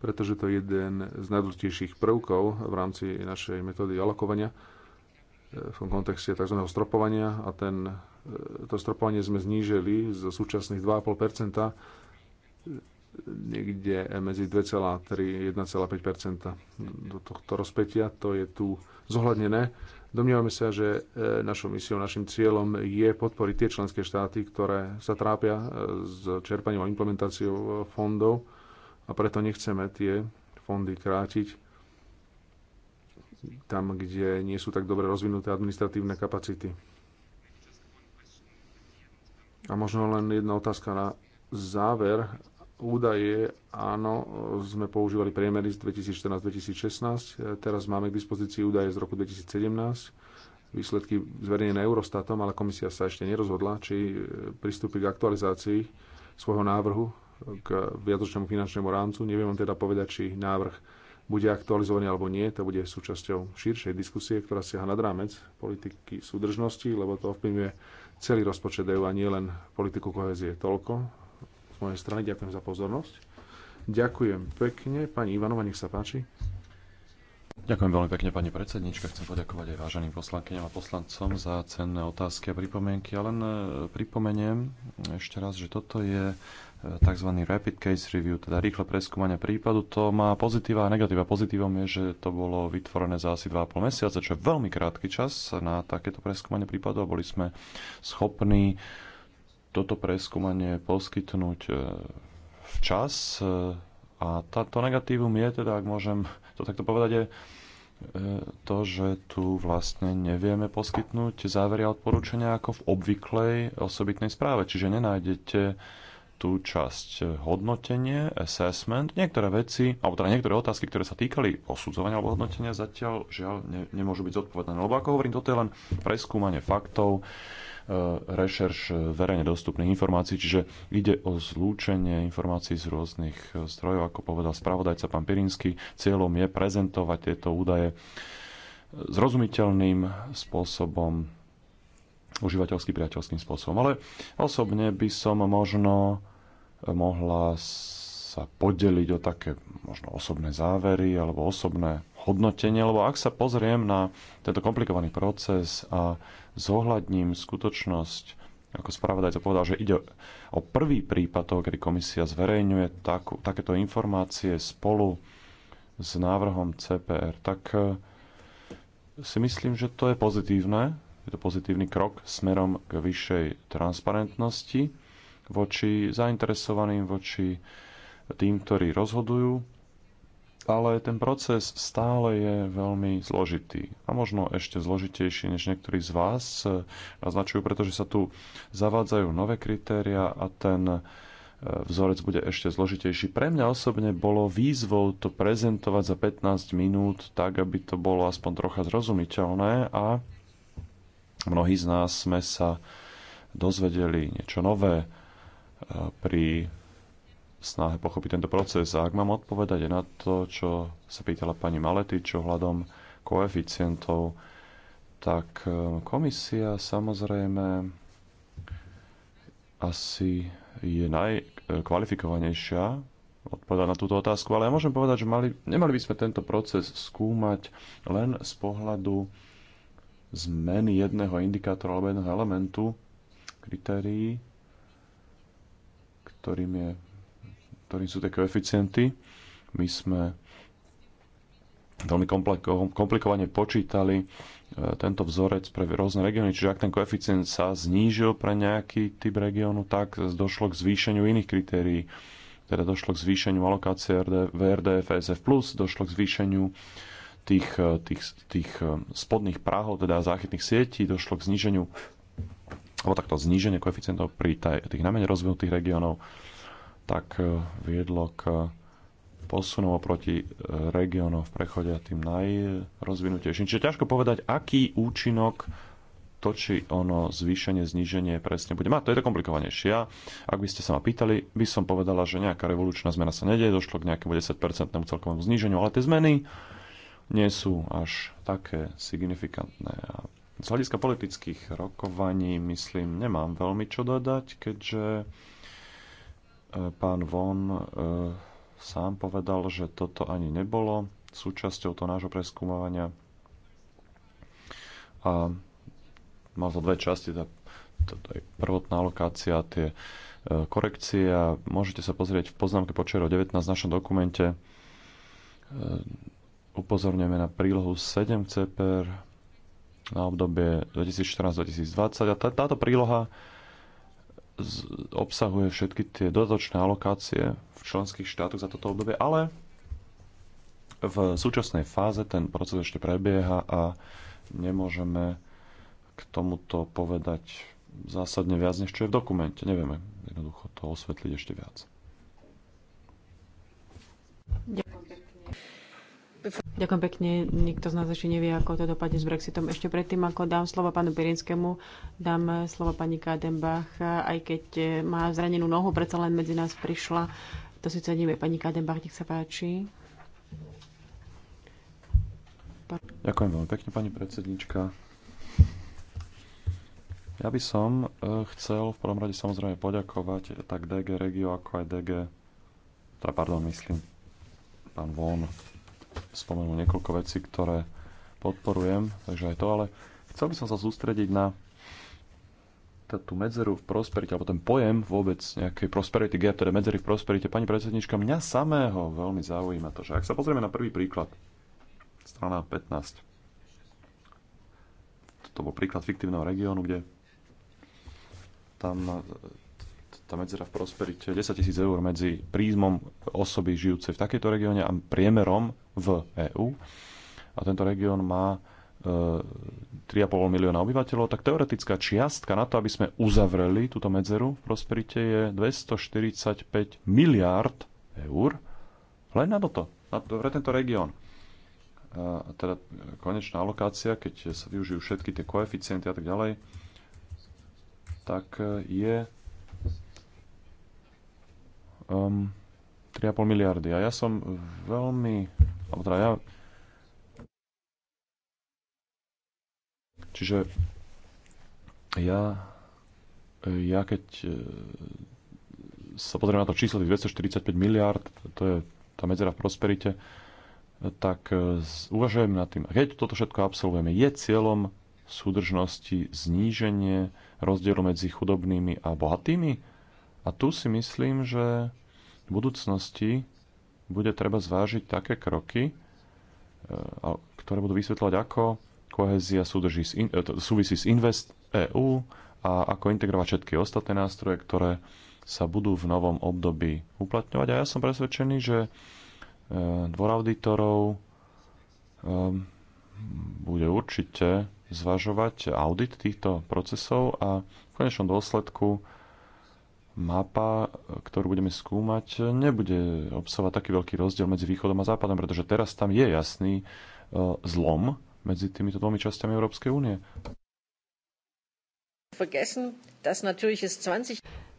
pretože to je jeden z najdôležitejších prvkov v rámci našej metódy alokovania e, v tom kontexte tzv. stropovania a ten, e, to stropovanie sme znížili zo súčasných 2,5% niekde medzi 2,3 1,5% do tohto rozpetia. To je tu zohľadnené Domnievame sa, že e, našou misiou, našim cieľom je podporiť tie členské štáty, ktoré sa trápia e, s čerpaním a implementáciou e, fondov a preto nechceme tie fondy krátiť tam, kde nie sú tak dobre rozvinuté administratívne kapacity. A možno len jedna otázka na záver údaje, áno, sme používali priemery z 2014-2016, teraz máme k dispozícii údaje z roku 2017, výsledky zverejnené Eurostatom, ale komisia sa ešte nerozhodla, či e, pristúpi k aktualizácii svojho návrhu k viatočnému finančnému rámcu. Neviem vám teda povedať, či návrh bude aktualizovaný alebo nie. To bude súčasťou širšej diskusie, ktorá siaha nad rámec politiky súdržnosti, lebo to ovplyvňuje celý rozpočet EU a nie len politiku kohezie. Toľko mojej strany. Ďakujem za pozornosť. Ďakujem pekne. Pani Ivanova, nech sa páči. Ďakujem veľmi pekne, pani predsednička. Chcem poďakovať aj váženým poslankyňam a poslancom za cenné otázky a pripomienky. Ja len e, pripomeniem ešte raz, že toto je e, tzv. rapid case review, teda rýchle preskúmanie prípadu. To má pozitíva a negatíva. Pozitívom je, že to bolo vytvorené za asi 2,5 mesiaca, čo je veľmi krátky čas na takéto preskúmanie prípadov. Boli sme schopní toto preskúmanie poskytnúť e, včas. E, a táto negatívum je teda, ak môžem to takto povedať, je e, to, že tu vlastne nevieme poskytnúť závery a odporúčania ako v obvyklej osobitnej správe. Čiže nenájdete tú časť hodnotenie, assessment. Niektoré veci, alebo teda niektoré otázky, ktoré sa týkali posudzovania alebo hodnotenia, zatiaľ žiaľ ne, nemôžu byť zodpovedané. Lebo ako hovorím, toto je len preskúmanie faktov, E, rešerš e, verejne dostupných informácií, čiže ide o zlúčenie informácií z rôznych e, strojov, ako povedal spravodajca pán Pirinsky. Cieľom je prezentovať tieto údaje zrozumiteľným spôsobom, užívateľsky priateľským spôsobom. Ale osobne by som možno mohla sa podeliť o také možno osobné závery alebo osobné hodnotenie, lebo ak sa pozriem na tento komplikovaný proces a zohľadním skutočnosť, ako spravodajca povedal, že ide o prvý prípad toho, kedy komisia zverejňuje takú, takéto informácie spolu s návrhom CPR, tak e, si myslím, že to je pozitívne. Je to pozitívny krok smerom k vyššej transparentnosti voči zainteresovaným, voči tým, ktorí rozhodujú ale ten proces stále je veľmi zložitý a možno ešte zložitejší, než niektorí z vás eh, naznačujú, pretože sa tu zavádzajú nové kritéria a ten eh, vzorec bude ešte zložitejší. Pre mňa osobne bolo výzvou to prezentovať za 15 minút tak, aby to bolo aspoň trocha zrozumiteľné a mnohí z nás sme sa dozvedeli niečo nové eh, pri snahe pochopiť tento proces. A ak mám odpovedať na to, čo sa pýtala pani Maletič ohľadom koeficientov, tak e, komisia samozrejme asi je najkvalifikovanejšia odpovedať na túto otázku, ale ja môžem povedať, že mali, nemali by sme tento proces skúmať len z pohľadu zmeny jedného indikátora alebo jedného elementu kritérií, ktorým je ktorým sú tie koeficienty. My sme veľmi komplikovane počítali e, tento vzorec pre rôzne regióny, čiže ak ten koeficient sa znížil pre nejaký typ regiónu, tak došlo k zvýšeniu iných kritérií. Teda došlo k zvýšeniu alokácie VRDF SF+, došlo k zvýšeniu tých, e, tých, tých e, spodných prahov, teda záchytných sietí, došlo k zníženiu alebo takto zníženie koeficientov pri tých najmenej rozvinutých regiónov tak eh, viedlo k posunom oproti eh, regiónom v prechode a tým najrozvinutejším. Čiže ťažko povedať, aký účinok to, či ono zvýšenie, zníženie presne bude mať. To je to komplikovanejšie. Ja, ak by ste sa ma pýtali, by som povedala, že nejaká revolučná zmena sa nedie, došlo k nejakému 10-percentnému celkovému zníženiu, ale tie zmeny nie sú až také signifikantné. A z hľadiska politických rokovaní, myslím, nemám veľmi čo dodať, keďže Pán Von e, sám povedal, že toto ani nebolo súčasťou toho nášho preskúmovania. A mal to dve časti, tá, tá, tá prvotná alokácia, tie e, korekcie a môžete sa pozrieť v poznámke počero 19 v našom dokumente. E, upozorňujeme na prílohu 7 CPR na obdobie 2014-2020 a tá, táto príloha obsahuje všetky tie dodatočné alokácie v členských štátoch za toto obdobie, ale v súčasnej fáze ten proces ešte prebieha a nemôžeme k tomuto povedať zásadne viac, než čo je v dokumente. Nevieme jednoducho to osvetliť ešte viac. Ďakujem. Ďakujem pekne. Nikto z nás ešte nevie, ako to dopadne s Brexitom. Ešte predtým, ako dám slovo pánu Pirinskému, dám slovo pani Kadenbach, aj keď eh, má zranenú nohu, predsa len medzi nás prišla. To si ceníme. Pani Kadenbach, nech sa páči. Ďakujem veľmi pekne, pani predsednička. Ja by som eh, chcel v prvom rade samozrejme poďakovať tak DG Regio, ako aj DG, teda pardon, myslím, pán Von, spomenul niekoľko vecí, ktoré podporujem, takže aj to, ale chcel by som sa sústrediť na tú medzeru v prosperite, alebo ten pojem vôbec nejakej prosperity gap, teda medzery v prosperite. Pani predsednička, mňa samého veľmi zaujíma to, že ak sa pozrieme na prvý príklad, strana 15. toto bol príklad fiktívneho regiónu, kde tam tá medzera v prosperite 10 tisíc eur medzi prízmom osoby žijúcej v takejto regióne a priemerom v EÚ. A tento región má 3,5 e, milióna obyvateľov, tak teoretická čiastka na to, aby sme uzavreli túto medzeru v prosperite, je 245 miliárd eur len na toto, na to, pre tento región. A teda konečná alokácia, keď sa využijú všetky tie koeficienty a tak ďalej, tak e, je um, 3,5 miliardy. A ja som veľmi... Alebo teda ja... Čiže ja, ja keď e, sa pozriem na to číslo tých 245 miliard, to je tá medzera v prosperite, tak e, uvažujem nad tým, keď toto všetko absolvujeme, je cieľom súdržnosti zníženie rozdielu medzi chudobnými a bohatými? A tu si myslím, že v budúcnosti bude treba zvážiť také kroky, e, ktoré budú vysvetľovať, ako kohezia súdrží s in, e, súvisí s Invest EU a ako integrovať všetky ostatné nástroje, ktoré sa budú v novom období uplatňovať. A ja som presvedčený, že e, dvor auditorov bude určite zvažovať audit týchto procesov a v konečnom dôsledku mapa, ktorú budeme skúmať, nebude obsahovať taký veľký rozdiel medzi východom a západom, pretože teraz tam je jasný e, zlom medzi týmito dvomi časťami Európskej únie.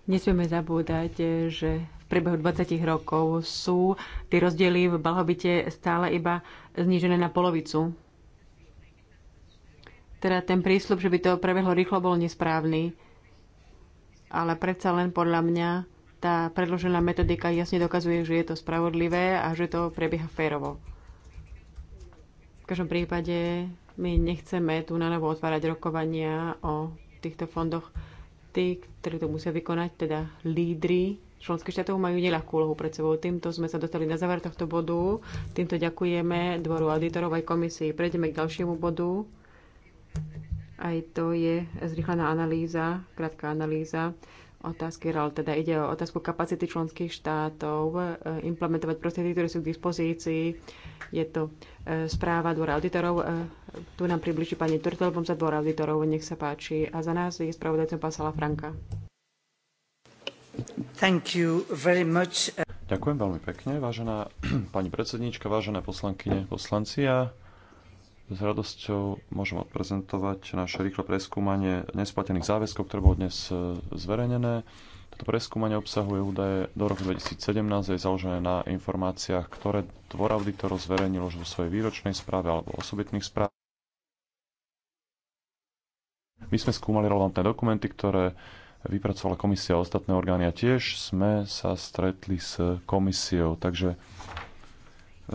Nesmieme zabúdať, že v priebehu 20 rokov sú tie rozdiely v Balhobite stále iba znížené na polovicu. Teda ten prísľub, že by to prebehlo rýchlo, bol nesprávny ale predsa len podľa mňa tá predložená metodika jasne dokazuje, že je to spravodlivé a že to prebieha férovo. V každom prípade my nechceme tu na novo otvárať rokovania o týchto fondoch. Tí, ktorí to musia vykonať, teda lídry členských štátov majú neľahkú úlohu pred sebou. Týmto sme sa dostali na záver tohto bodu. Týmto ďakujeme Dvoru auditorov aj komisii. Prejdeme k ďalšiemu bodu. Aj to je zrychlená analýza, krátka analýza otázky RAL, teda ide o otázku kapacity členských štátov e, implementovať prostriedky, ktoré sú k dispozícii. Je to e, správa dvora auditorov. E, tu nám približí pani Turtelbom za dvora auditorov, nech sa páči. A za nás je spravodajcom Pasala Franka. Thank you very much. Ďakujem veľmi pekne, vážená pani predsedníčka, vážené poslankyne, poslanci. A s radosťou môžem odprezentovať naše rýchle preskúmanie nesplatených záväzkov, ktoré bolo dnes e, zverejnené. Toto preskúmanie obsahuje údaje do roku 2017 je založené na informáciách, ktoré dvor auditorov zverejnil už vo svojej výročnej správe alebo osobitných správ. My sme skúmali relevantné dokumenty, ktoré vypracovala komisia a ostatné orgány a tiež sme sa stretli s komisiou. Takže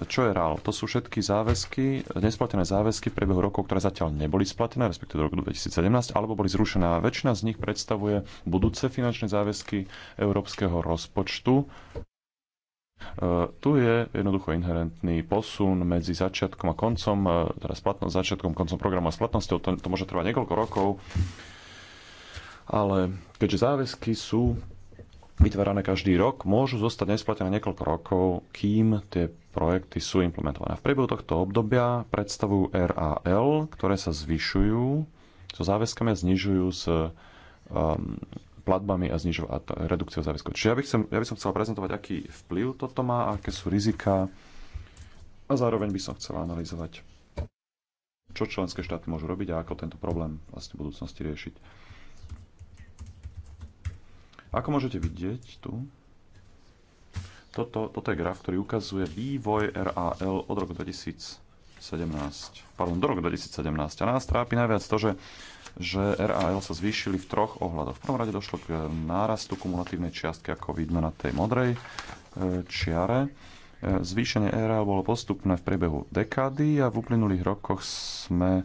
čo je RAL? To sú všetky záväzky, nesplatené záväzky v priebehu rokov, ktoré zatiaľ neboli splatené, respektíve do roku 2017, alebo boli zrušené. A väčšina z nich predstavuje budúce finančné záväzky európskeho rozpočtu. E, tu je jednoducho inherentný posun medzi začiatkom a koncom, e, teda splatnosť, začiatkom, koncom programu a splatnosťou. To, to môže trvať niekoľko rokov, ale keďže záväzky sú vytvárané každý rok, môžu zostať nesplatené niekoľko rokov, kým tie projekty sú implementované. V priebehu tohto obdobia predstavujú RAL, ktoré sa zvyšujú so záväzkami a znižujú s um, platbami a znižujú a redukciou záväzkov. Čiže ja by, ja by som chcel prezentovať, aký vplyv toto má, aké sú rizika a zároveň by som chcel analyzovať, čo členské štáty môžu robiť a ako tento problém vlastne v budúcnosti riešiť. Ako môžete vidieť tu, toto, toto je graf, ktorý ukazuje vývoj RAL od roku 2017. Pardon, do roku 2017. A nás trápi najviac to, že, že RAL sa zvýšili v troch ohľadoch. V prvom rade došlo k nárastu kumulatívnej čiastky, ako vidno na tej modrej e, čiare. E, zvýšenie ERA bolo postupné v priebehu dekády a v uplynulých rokoch sme e,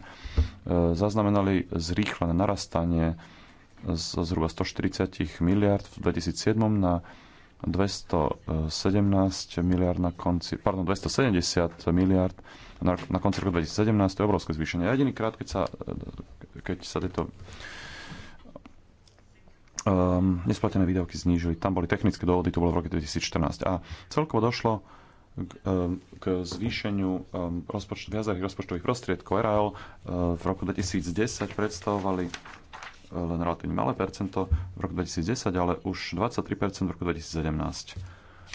zaznamenali zrýchlené narastanie zo zhruba 140 miliard v 2007 na 217 miliard na konci, pardon, 270 miliard na, na konci roku 2017, to je obrovské zvýšenie. Jediný krát, keď sa, keď sa tieto um, nesplatené výdavky znížili, tam boli technické dôvody, to bolo v roku 2014. A celkovo došlo k, um, k zvýšeniu um, rozpočt, rozpočtových prostriedkov. RAL uh, v roku 2010 predstavovali len relatívne malé percento v roku 2010, ale už 23% v roku 2017.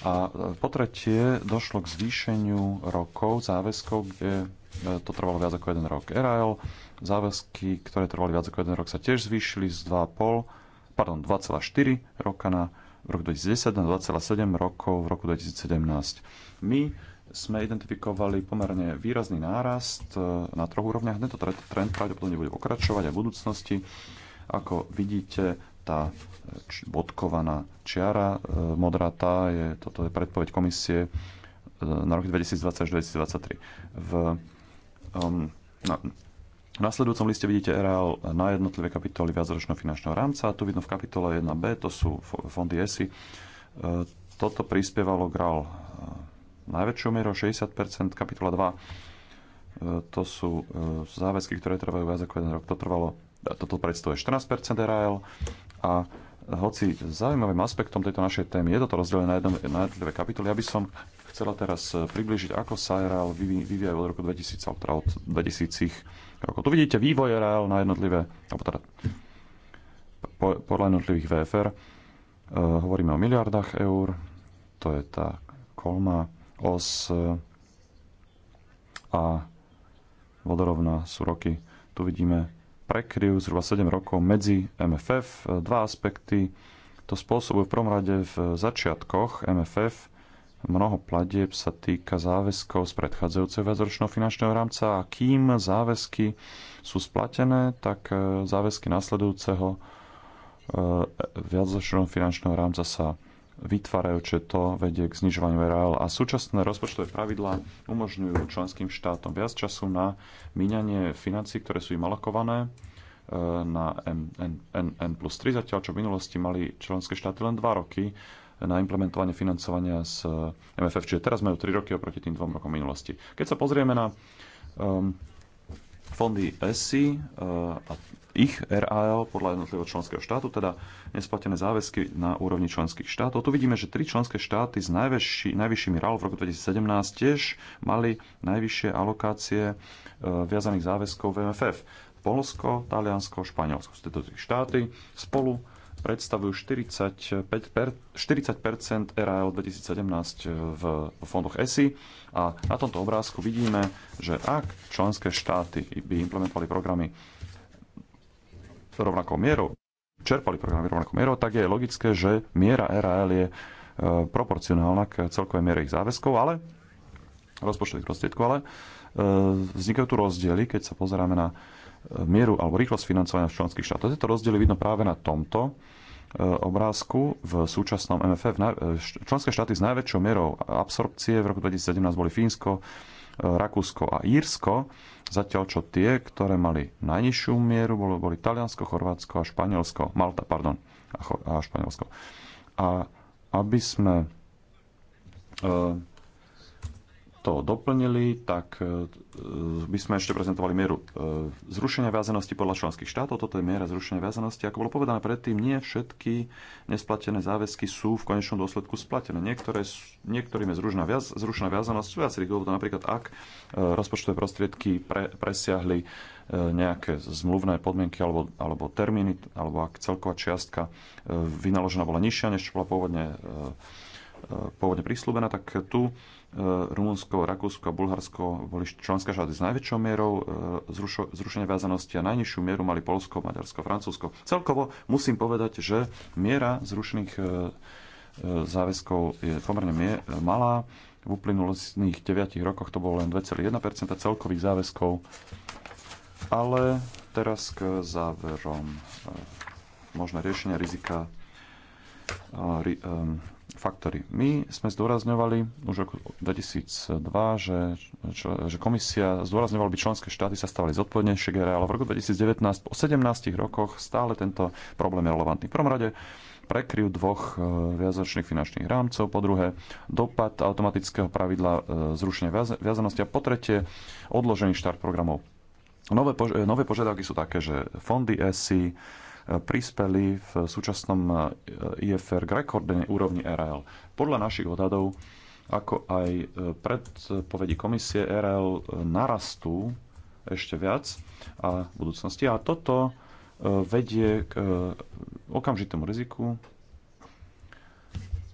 A e, po tretie došlo k zvýšeniu rokov záväzkov, kde e, to trvalo viac ako jeden rok. RAL záväzky, ktoré trvali viac ako jeden rok, sa tiež zvýšili z 2,5, pardon, 2,4 roka na v roku 2010 na 2,7 rokov v roku 2017. My sme identifikovali pomerne výrazný nárast e, na troch úrovniach. Tento trend pravdepodobne bude pokračovať aj v budúcnosti. Ako vidíte, tá e, bodkovaná čiara e, modrá, tá je, toto je predpoveď komisie e, na roky 2020 až 2023. V um, na, nasledujúcom liste vidíte RL na jednotlivé kapitoly viacročného finančného rámca. Tu vidno v kapitole 1b, to sú fondy ESI. Toto prispievalo GRAL najväčšou mierou 60%, kapitola 2 to sú záväzky, ktoré trvajú viac ako jeden rok. To trvalo toto predstavuje 14 RAL a hoci zaujímavým aspektom tejto našej témy je toto rozdelené na, jedno, na jednotlivé kapitoly, Ja by som chcela teraz e, približiť, ako sa RAL vyvíja od roku 2000, alebo teda od 2000 rokov. Tu vidíte vývoj RAL na jednotlivé, alebo teda podľa jednotlivých VFR. E, hovoríme o miliardách eur, to je tá kolma, os e, a vodorovná sú roky. Tu vidíme prekryv zhruba 7 rokov medzi MFF. Dva aspekty to spôsobujú v prvom rade v začiatkoch MFF. Mnoho platieb sa týka záväzkov z predchádzajúceho viacročného finančného rámca a kým záväzky sú splatené, tak e, záväzky nasledujúceho e, viacročného finančného rámca sa vytvárajú, čo to vedie k znižovaniu RL. A súčasné rozpočtové pravidlá umožňujú členským štátom viac času na míňanie financí, ktoré sú im alokované e, na N, N, N, N plus 3, zatiaľ čo v minulosti mali členské štáty len 2 roky na implementovanie financovania z e, MFF, čiže teraz majú 3 roky oproti tým dvom rokom minulosti. Keď sa pozrieme na um, fondy ESI e, a ich RAL podľa jednotlivého členského štátu, teda nesplatené záväzky na úrovni členských štátov. Tu vidíme, že tri členské štáty s najvyšší, najvyššími RAL v roku 2017 tiež mali najvyššie alokácie e, viazaných záväzkov v MFF. Polsko, Taliansko, Španielsko. Tieto tri štáty spolu predstavujú 45 per, 40 RAL 2017 v, v fondoch ESI. A na tomto obrázku vidíme, že ak členské štáty by implementovali programy rovnakou mierou, čerpali programy rovnakou mierou, tak je logické, že miera RAL je e, proporcionálna k celkovej miere ich záväzkov, ale rozpočtových prostriedkov, ale e, vznikajú tu rozdiely, keď sa pozeráme na e, mieru alebo rýchlosť financovania v členských štátoch. Tieto rozdiely vidno práve na tomto Eh, obrázku, v súčasnom MFF eh, členské štáty s najväčšou mierou absorpcie v roku 2017 boli Fínsko, eh, Rakúsko a Írsko, zatiaľ čo tie, ktoré mali najnižšiu mieru, boli, boli Taliansko, Chorvátsko a Španielsko, Malta, pardon, a, Španielsko. A aby sme to doplnili, tak by e, sme ešte prezentovali mieru e, zrušenia viazenosti podľa členských štátov. Toto je miera zrušenia viazenosti. Ako bolo povedané predtým, nie všetky nesplatené záväzky sú v konečnom dôsledku splatené. Niektoré, niektorým je zrušená, viaz, zrušená viazenosť z viacerých dôvodov. Napríklad, ak e, rozpočtové prostriedky pre, presiahli nejaké zmluvné podmienky alebo, alebo termíny, alebo ak celková čiastka vynaložená bola nižšia, než bola pôvodne, pôvodne prísľubená, tak tu E, Rumunsko, Rakúsko a Bulharsko boli členské štáty s najväčšou mierou e, zrušenia viazanosti a najnižšiu mieru mali Polsko, Maďarsko, Francúzsko. Celkovo musím povedať, že miera zrušených e, záväzkov je pomerne malá. V uplynulých 9 rokoch to bolo len 2,1 celkových záväzkov. Ale teraz k záverom možné riešenia rizika faktory. My sme zdôrazňovali už roku 2002, že, čo, že komisia zdôrazňovala by členské štáty sa stávali zodpovednejšie ale v roku 2019 po 17 rokoch stále tento problém je relevantný. V prvom rade prekryv dvoch e, viazočných finančných rámcov, po druhé dopad automatického pravidla e, zrušenia viazanosti a po tretie odložený štart programov. Nové, pož- e, nové požiadavky sú také, že fondy ESI, prispeli v súčasnom e, IFR k rekordnej úrovni RL. Podľa našich odhadov, ako aj e, predpovedí komisie, RL e, narastú ešte viac a v budúcnosti. A toto vedie k okamžitému riziku.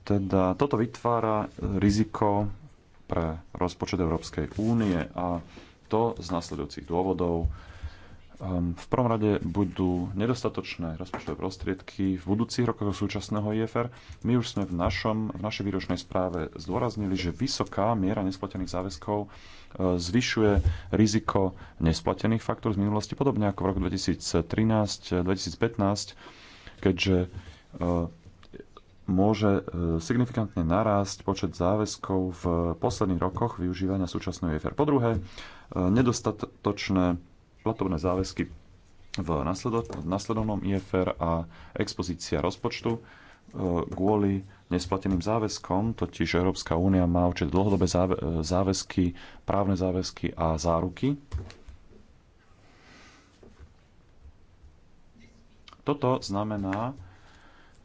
Teda toto vytvára riziko pre rozpočet Európskej únie a to z následujúcich dôvodov Ehm, v prvom rade budú nedostatočné rozpočtové prostriedky v budúcich rokoch súčasného IFR. My už sme v, našom, v našej výročnej správe zdôraznili, že vysoká miera nesplatených záväzkov e, zvyšuje riziko nesplatených faktor z minulosti, podobne ako v roku 2013-2015, keďže e, môže e, signifikantne narásť počet záväzkov v posledných rokoch využívania súčasného IFR. Po druhé, nedostatočné platobné záväzky v nasledovnom IFR a expozícia rozpočtu e, kvôli nesplateným záväzkom, totiž Európska únia má určite dlhodobé e, záväzky, právne záväzky a záruky. Toto znamená, e,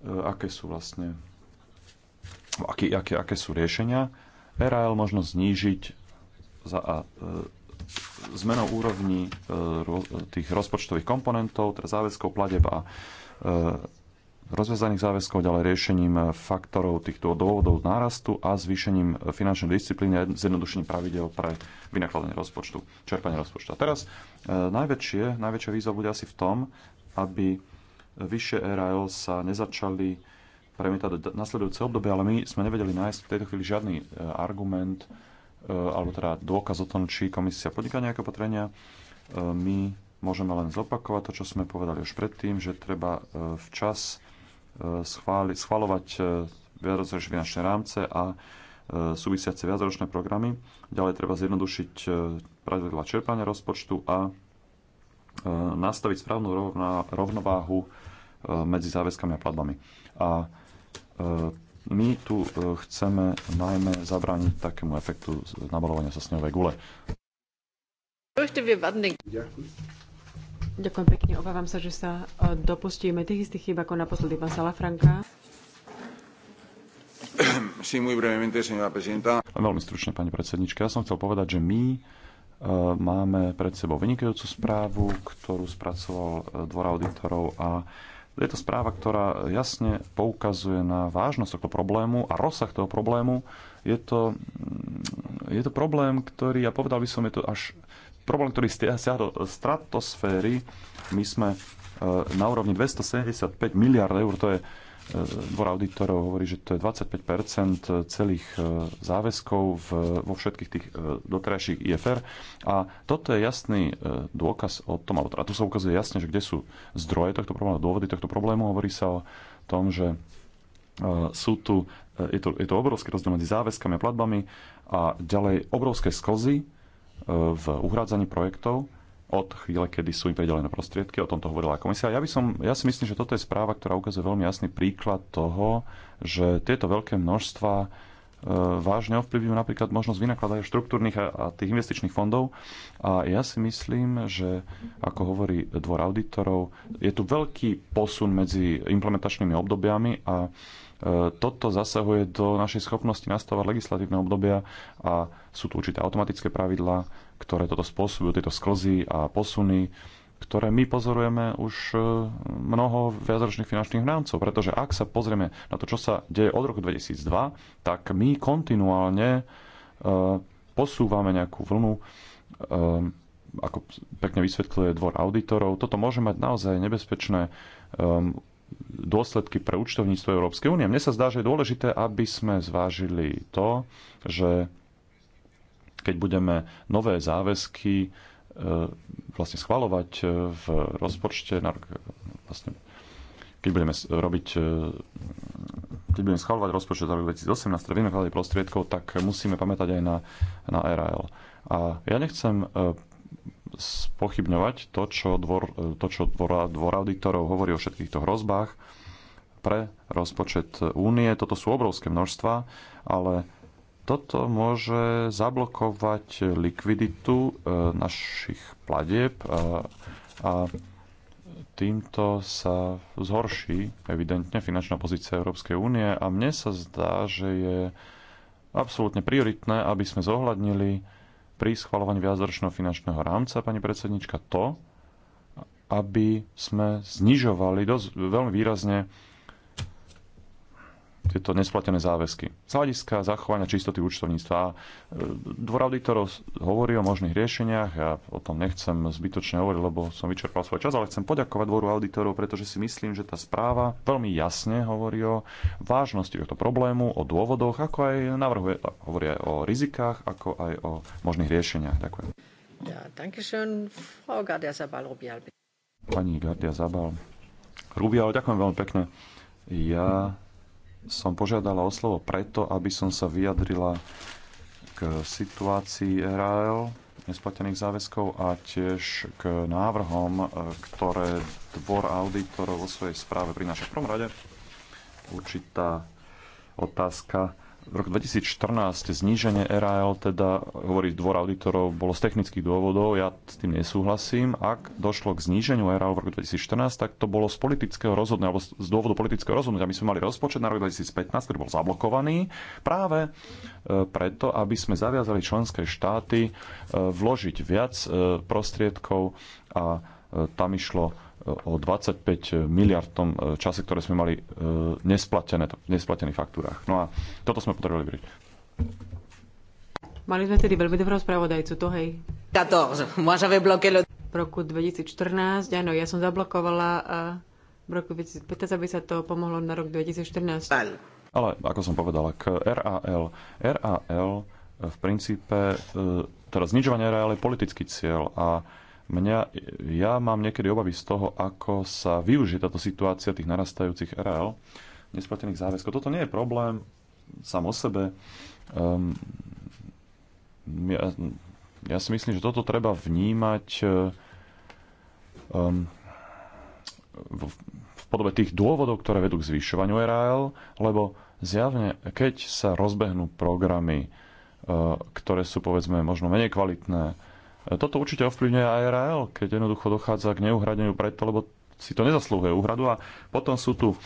aké sú vlastne aké, aké, aké sú riešenia. RAL možno znížiť za, zmenou úrovni e, tých rozpočtových komponentov, teda záväzkov, pladeb a e, rozvezaných záväzkov, ďalej riešením faktorov týchto dôvodov nárastu a zvýšením finančnej disciplíny a zjednodušením pravidel pre vynakladanie rozpočtu, čerpanie rozpočtu. A teraz e, najväčšie, najväčšia výzva bude asi v tom, aby vyššie RIL sa nezačali premietať do nasledujúce obdobie, ale my sme nevedeli nájsť v tejto chvíli žiadny argument, E, alebo teda dôkaz o tom, či komisia podniká nejaké opatrenia. E, my môžeme len zopakovať to, čo sme povedali už predtým, že treba e, včas schváli, schváľovať viacročné finančné rámce a súvisiace viacročné programy. Ďalej treba zjednodušiť pravidla čerpania rozpočtu a nastaviť správnu rovnováhu medzi záväzkami a platbami. A my tu e, chceme najmä zabrániť takému efektu nabalovania sa snehovej gule. Ďakujem pekne. Obávam sa, že sa e, dopustíme tých istých chýb ako naposledy pán Salafranka. Sí, muy brevemente, señora presidenta. Veľmi stručne, pani predsednička. Ja som chcel povedať, že my e, máme pred sebou vynikajúcu správu, ktorú spracoval Dvor auditorov a je to správa, ktorá jasne poukazuje na vážnosť tohto problému a rozsah toho problému. Je to, mm, je to problém, ktorý, ja povedal by som, je to až problém, ktorý siaha do stratosféry. My sme e, na úrovni 275 miliard eur, to je dvor auditorov hovorí, že to je 25 celých e, záväzkov v, vo všetkých tých e, doterajších IFR. A toto je jasný e, dôkaz o tom, alebo teda tu sa ukazuje jasne, že kde sú zdroje tohto problému, dôvody tohto problému. Hovorí sa o tom, že sú tu, je to, je to obrovský rozdiel medzi záväzkami a platbami a ďalej obrovské sklzy v uhrádzaní projektov od chvíle, kedy sú im pridelené prostriedky. O tomto hovorila komisia. Ja, by som, ja si myslím, že toto je správa, ktorá ukazuje veľmi jasný príklad toho, že tieto veľké množstva e, vážne ovplyvňujú napríklad možnosť vynakladania štruktúrnych a, a tých investičných fondov. A ja si myslím, že ako hovorí dvor auditorov, je tu veľký posun medzi implementačnými obdobiami a E, toto zasahuje do našej schopnosti nastavovať legislatívne obdobia a sú tu určité automatické pravidlá, ktoré toto spôsobujú, tieto sklzy a posuny, ktoré my pozorujeme už e, mnoho viacročných finančných rámcov. Pretože ak sa pozrieme na to, čo sa deje od roku 2002, tak my kontinuálne e, posúvame nejakú vlnu ako pekne vysvetľuje dvor auditorov, toto môže mať naozaj nebezpečné um, dôsledky pre účtovníctvo Európskej únie. Mne sa zdá, že je dôležité, aby sme zvážili to, že keď budeme nové záväzky e, vlastne schvalovať e, v rozpočte vlastne, keď budeme robiť e, keď budeme schvalovať rozpočet za rok 2018 pre teda prostriedkov, tak musíme pamätať aj na, na RAL. A ja nechcem spochybňovať to, čo, dvor, to, čo dvora, dvor auditorov hovorí o všetkých týchto hrozbách pre rozpočet únie. Toto sú obrovské množstva, ale toto môže zablokovať likviditu e, našich platieb a, a týmto sa zhorší evidentne finančná pozícia Európskej únie a mne sa zdá, že je absolútne prioritné, aby sme zohľadnili pri schvalovaní viacročného finančného rámca, pani predsednička, to, aby sme znižovali dosť, veľmi výrazne tieto nesplatené záväzky. Z hľadiska zachovania čistoty účtovníctva. E, dvor auditorov hovorí o možných riešeniach, ja o tom nechcem zbytočne hovoriť, lebo som vyčerpal svoj čas, ale chcem poďakovať dvoru auditorov, pretože si myslím, že tá správa veľmi jasne hovorí o vážnosti tohto problému, o dôvodoch, ako aj navrhuje, hovorí aj o rizikách, ako aj o možných riešeniach. Ďakujem. Pani Gardia Zabal. Rubial, ďakujem veľmi pekne. Ja som požiadala o slovo preto, aby som sa vyjadrila k situácii RAL nesplatených záväzkov a tiež k návrhom, e, ktoré dvor auditorov vo svojej správe prináša. V prvom rade určitá otázka v roku 2014 zníženie RAL, teda hovorí dvor auditorov, bolo z technických dôvodov, ja s tým nesúhlasím. Ak došlo k zníženiu RAL v roku 2014, tak to bolo z politického rozhodnutia, alebo z dôvodu politického rozhodnutia. My sme mali rozpočet na rok 2015, ktorý bol zablokovaný práve e, preto, aby sme zaviazali členské štáty e, vložiť viac e, prostriedkov a tam išlo o 25 miliard tom e, čase, ktoré sme mali e, nesplatené, v nesplatených faktúrach. No a toto sme potrebovali vyriešiť. Mali sme tedy veľmi dobrého spravodajcu, to hej. Tato, môžeme blokeľo. V roku 2014, áno, ja som zablokovala a v roku 2015, aby sa to pomohlo na rok 2014. Ale ako som povedala, k RAL. RAL e, v princípe, teda znižovanie RAL je politický cieľ a Mňa, ja mám niekedy obavy z toho, ako sa využije táto situácia tých narastajúcich RL, nesplatených záväzkov. Toto nie je problém sám o sebe. Um, ja, ja si myslím, že toto treba vnímať um, v, v podobe tých dôvodov, ktoré vedú k zvyšovaniu RL, lebo zjavne, keď sa rozbehnú programy, uh, ktoré sú povedzme možno menej kvalitné, toto určite ovplyvňuje RAL, keď jednoducho dochádza k neuhradeniu preto, lebo si to nezaslúhuje úhradu a potom sú tu e,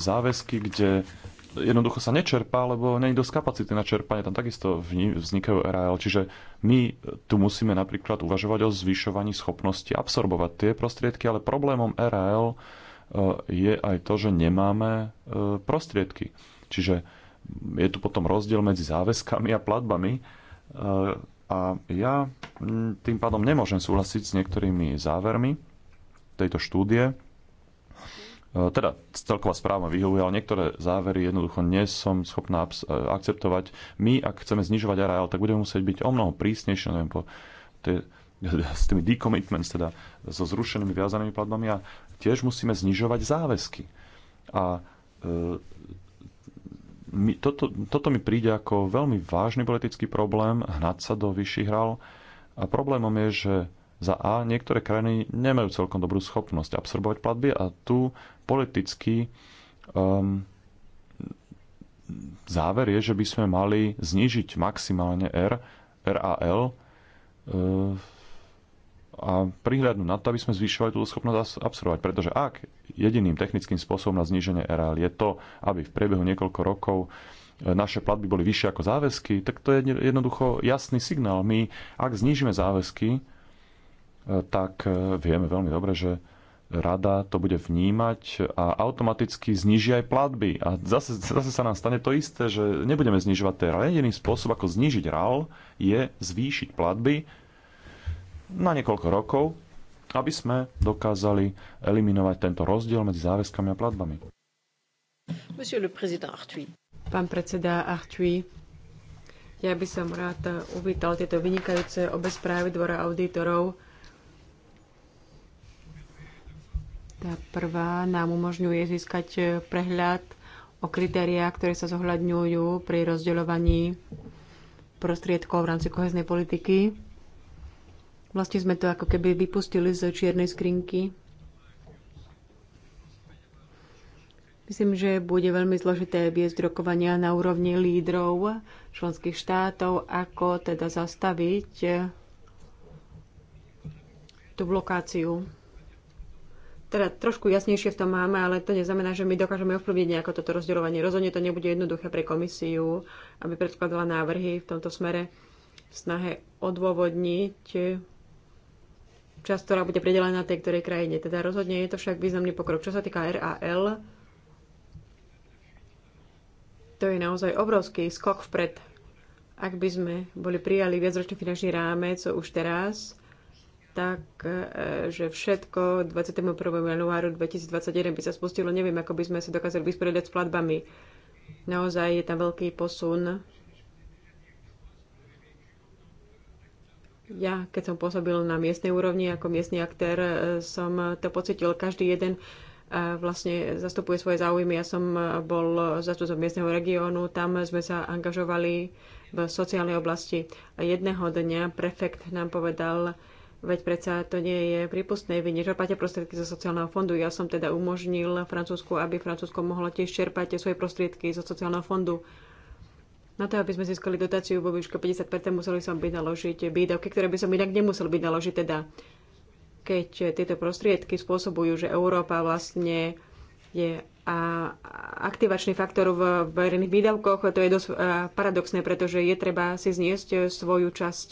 záväzky, kde jednoducho sa nečerpá, lebo není dosť kapacity na čerpanie, tam takisto vznikajú RAL. Čiže my tu musíme napríklad uvažovať o zvyšovaní schopnosti absorbovať tie prostriedky, ale problémom RAL e, je aj to, že nemáme e, prostriedky. Čiže je tu potom rozdiel medzi záväzkami a platbami, a ja tým pádom nemôžem súhlasiť s niektorými závermi tejto štúdie. E, teda celková správa vyhovuje, ale niektoré závery jednoducho nie som schopná e, akceptovať. My, ak chceme znižovať areál, tak budeme musieť byť o mnoho prísnejšie, neviem, po tie, s tými decommitments, teda so zrušenými viazanými platbami a tiež musíme znižovať záväzky. A e, mi, toto, toto mi príde ako veľmi vážny politický problém, hnať sa do vyšších hral. A problémom je, že za A niektoré krajiny nemajú celkom dobrú schopnosť absorbovať platby a tu politicky um, záver je, že by sme mali znižiť maximálne R, RAL uh, a prihľadnúť na to, aby sme zvyšovali túto schopnosť absorbovať. Pretože ak jediným technickým spôsobom na zníženie RL je to, aby v priebehu niekoľko rokov e, naše platby boli vyššie ako záväzky, tak to je jednoducho jasný signál. My, ak znížime záväzky, e, tak e, vieme veľmi dobre, že rada to bude vnímať a automaticky zniží aj platby. A zase, zase sa nám stane to isté, že nebudeme znižovať ten RAL. Jediný spôsob, ako znižiť RAL, je zvýšiť platby na niekoľko rokov, aby sme dokázali eliminovať tento rozdiel medzi záväzkami a platbami. Pán predseda Artui, ja by som rád uvítal tieto vynikajúce obe správy Dvora auditorov. Tá prvá nám umožňuje získať prehľad o kritériách, ktoré sa zohľadňujú pri rozdeľovaní prostriedkov v rámci koheznej politiky. Vlastne sme to ako keby vypustili z čiernej skrinky. Myslím, že bude veľmi zložité viesť rokovania na úrovni lídrov členských štátov, ako teda zastaviť tú blokáciu. Teda trošku jasnejšie v tom máme, ale to neznamená, že my dokážeme ovplyvniť nejako toto rozdeľovanie. Rozhodne to nebude jednoduché pre komisiu, aby predkladala návrhy v tomto smere v snahe odôvodniť časť, ktorá bude predelená tej ktorej krajine. Teda rozhodne je to však významný pokrok. Čo sa týka RAL, to je naozaj obrovský skok vpred. Ak by sme boli prijali viacročný finančný rámec už teraz, tak, e, že všetko 21. januáru 2021 by sa spustilo. Neviem, ako by sme sa dokázali vysporiadať s platbami. Naozaj je tam veľký posun Ja, keď som pôsobil na miestnej úrovni ako miestny aktér, e, som to pocitil. Každý jeden e, vlastne zastupuje svoje záujmy. Ja som bol zastupcom miestneho regiónu, tam sme sa angažovali v sociálnej oblasti. A jedného dňa prefekt nám povedal, veď predsa to nie je prípustné, vy nečerpáte prostriedky zo sociálneho fondu. Ja som teda umožnil Francúzsku, aby Francúzsko mohlo tiež čerpať svoje prostriedky zo sociálneho fondu. Na to, aby sme získali dotáciu vo výške 50%, museli som byť naložiť výdavky, ktoré by som inak nemusel byť naložiť. Teda, keď tieto prostriedky spôsobujú, že Európa vlastne je a aktivačný faktor v verejných výdavkoch, to je dosť paradoxné, pretože je treba si zniesť svoju časť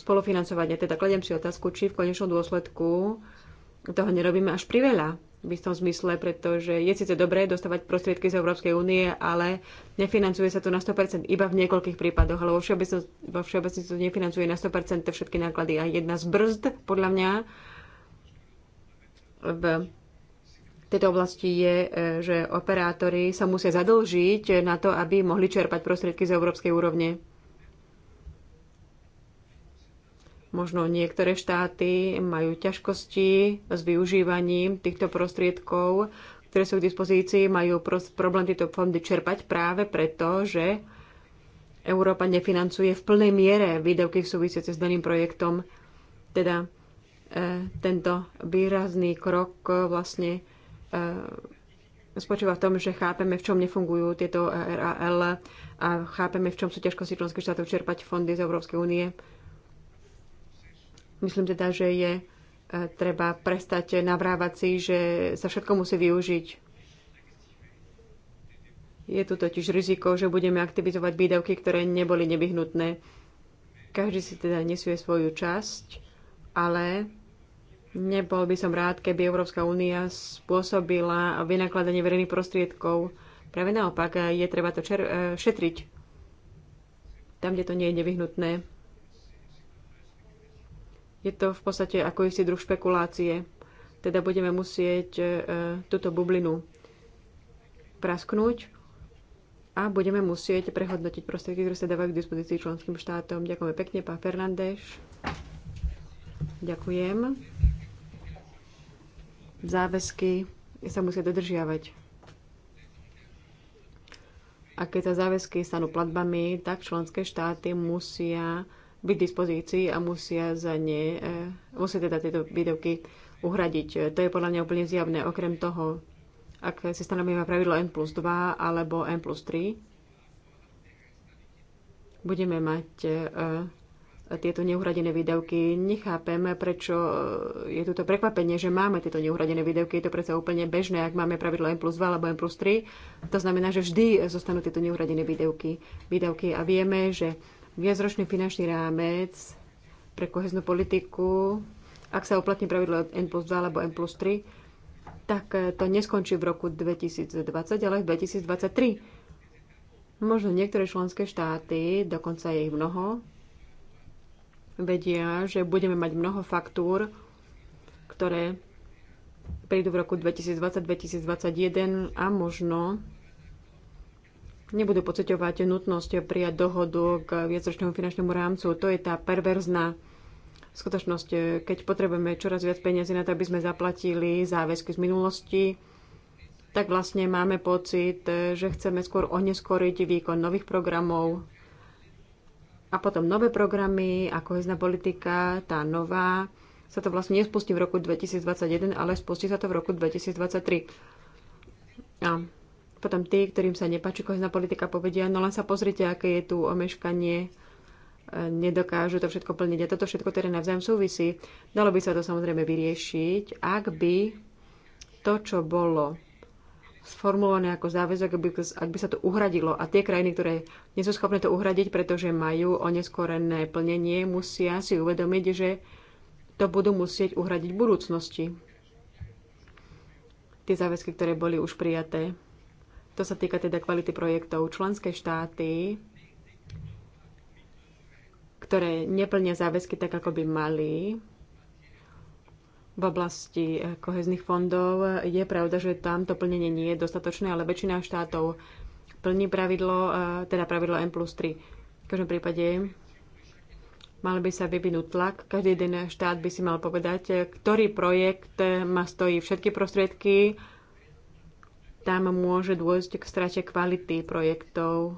spolufinancovania. Teda kladiem si otázku, či v konečnom dôsledku toho nerobíme až priveľa v istom zmysle, pretože je síce dobré dostávať prostriedky z Európskej únie, ale nefinancuje sa to na 100% iba v niekoľkých prípadoch, ale vo všeobecnosti, to nefinancuje na 100% všetky náklady. A jedna z brzd, podľa mňa, v tejto oblasti je, e, že operátori sa musia zadlžiť na to, aby mohli čerpať prostriedky z európskej úrovne. Možno niektoré štáty majú ťažkosti s využívaním týchto prostriedkov, ktoré sú k dispozícii, majú problém tieto fondy čerpať práve preto, že Európa nefinancuje v plnej miere výdavky v súvisiace s daným projektom. Teda e, tento výrazný krok e, vlastne e, spočíva v tom, že chápeme, v čom nefungujú tieto RAL a chápeme, v čom sú ťažkosti členských štátov čerpať fondy z Európskej únie. Myslím teda, že je e, treba prestať navrávať si, že sa všetko musí využiť. Je tu totiž riziko, že budeme aktivizovať výdavky, ktoré neboli nevyhnutné. Každý si teda nesie svoju časť, ale nebol by som rád, keby Európska únia spôsobila vynakladanie verejných prostriedkov. Práve naopak, je treba to e, šetriť tam, kde to nie je nevyhnutné. Je to v podstate ako istý druh špekulácie. Teda budeme musieť e, túto bublinu prasknúť a budeme musieť prehodnotiť prostriedky, ktoré sa dávajú k dispozícii členským štátom. Ďakujeme pekne, pán Fernández. Ďakujem. Záväzky sa musia dodržiavať. A keď sa záväzky stanú platbami, tak členské štáty musia byť dispozícii a musia za ne, eh, musia teda tieto výdavky uhradiť. To je podľa mňa úplne zjavné. Okrem toho, ak si stanovíme pravidlo N plus 2 alebo N plus 3, budeme mať eh, tieto neuhradené výdavky. Nechápem, prečo eh, je tu to prekvapenie, že máme tieto neuhradené výdavky. Je to predsa úplne bežné, ak máme pravidlo M plus 2 alebo M plus 3. To znamená, že vždy zostanú tieto neuhradené výdavky. výdavky. A vieme, že viacročný finančný rámec pre koheznú politiku, ak sa uplatní pravidlo N plus 2 alebo N plus 3, tak eh, to neskončí v roku 2020, ale v 2023. Možno niektoré členské štáty, dokonca je ich mnoho, vedia, že budeme mať mnoho faktúr, ktoré prídu v roku 2020-2021 a možno nebudú pocitovať nutnosť prijať dohodu k viacročnému finančnému rámcu. To je tá perverzná skutočnosť, keď potrebujeme čoraz viac peniazy na to, aby sme zaplatili záväzky z minulosti, tak vlastne máme pocit, že chceme skôr oneskoriť výkon nových programov a potom nové programy je zna politika, tá nová, sa to vlastne nespustí v roku 2021, ale spustí sa to v roku 2023. A potom tí, ktorým sa nepáči kohezná politika, povedia, no len sa pozrite, aké je tu omeškanie, e, nedokážu to všetko plniť. A toto všetko teda navzájom súvisí. Dalo by sa to samozrejme vyriešiť, ak by to, čo bolo sformulované ako záväzok, ak by, ak by sa to uhradilo. A tie krajiny, ktoré nie sú schopné to uhradiť, pretože majú oneskorené plnenie, musia si uvedomiť, že to budú musieť uhradiť v budúcnosti. Tie záväzky, ktoré boli už prijaté. To sa týka teda kvality projektov. Členské štáty, ktoré neplnia záväzky tak, ako by mali, v oblasti eh, kohezných fondov je pravda, že tam to plnenie nie je dostatočné, ale väčšina štátov plní pravidlo, eh, teda pravidlo M plus 3. V každom prípade mal by sa vyvinúť tlak. Každý jeden štát by si mal povedať, eh, ktorý projekt ma stojí všetky prostriedky, tam môže dôjsť k strate kvality projektov.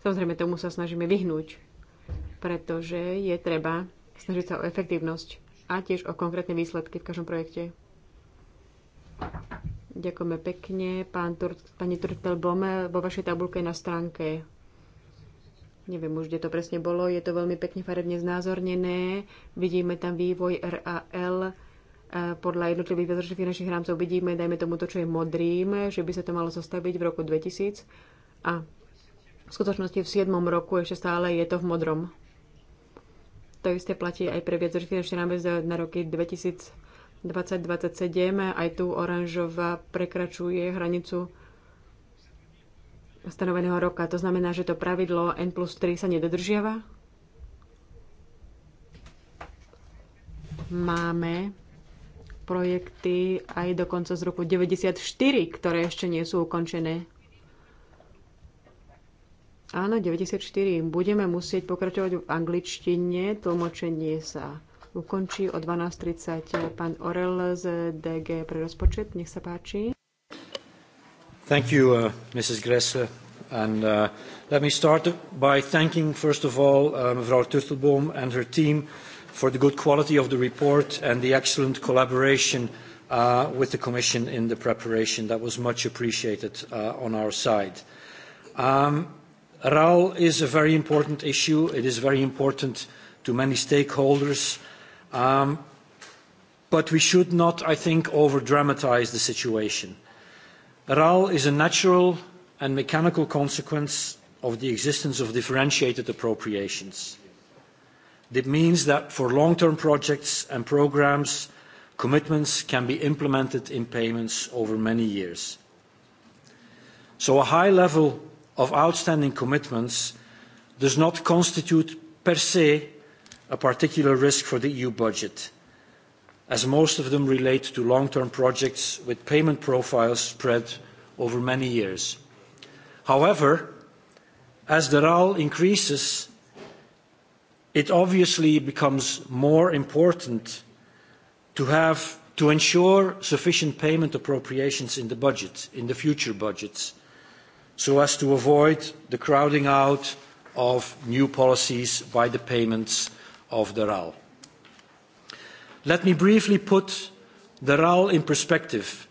Samozrejme, tomu sa snažíme vyhnúť, pretože je treba snažiť sa o efektívnosť a tiež o konkrétne výsledky v každom projekte. Ďakujeme pekne. Pán Tur- pani Bome, vo vašej tabulke na stránke neviem už, kde to presne bolo, je to veľmi pekne farebne znázornené, vidíme tam vývoj RAL podľa jednotlivých bezročných finančných rámcov vidíme, dajme tomu to, čo je modrým, že by sa to malo zostaviť v roku 2000 a v skutočnosti v 7. roku ešte stále je to v modrom. To isté platí aj pre viacročný finančných rámec na roky 2020-2027. Aj tu oranžová prekračuje hranicu stanoveného roka. To znamená, že to pravidlo N plus 3 sa nedodržiava. Máme projekty aj do konca z roku 94, ktoré ešte nie sú ukončené. Áno, 94. Budeme musieť pokračovať v angličtine. Tlmočenie sa ukončí o 12.30. Pán Orel z DG pre rozpočet, nech sa páči. Thank you, uh, Mrs. Gressler. And uh, let me start by thanking, first of all, uh, Mevrouw Turtelboom and her team for the good quality of the report and the excellent collaboration uh, with the Commission in the preparation. That was much appreciated uh, on our side. Um, RAL is a very important issue. It is very important to many stakeholders. Um, but we should not, I think, over-dramatize the situation. RAL is a natural and mechanical consequence of the existence of differentiated appropriations. That means that for long-term projects and programmes, commitments can be implemented in payments over many years. So a high level of outstanding commitments does not constitute per se a particular risk for the EU budget, as most of them relate to long-term projects with payment profiles spread over many years. However, as the RAL increases, it obviously becomes more important to have to ensure sufficient payment appropriations in the budget, in the future budgets, so as to avoid the crowding out of new policies by the payments of the RAL. Let me briefly put the RAL in perspective,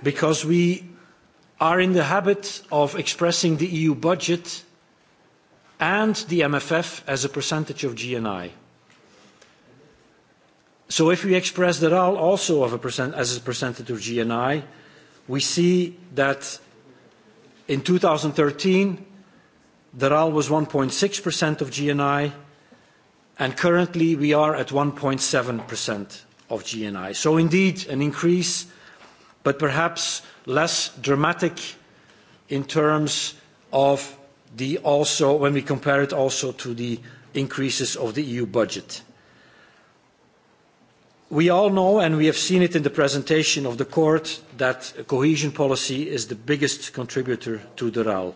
because we are in the habit of expressing the EU budget and the MFF as a percentage of GNI. So if we express the RAL also of a percent, as a percentage of GNI, we see that in 2013, the RAL was 1.6% of GNI, and currently we are at 1.7% of GNI. So indeed, an increase, but perhaps less dramatic in terms of the also when we compare it also to the increases of the EU budget. We all know, and we have seen it in the presentation of the court, that cohesion policy is the biggest contributor to the RAL.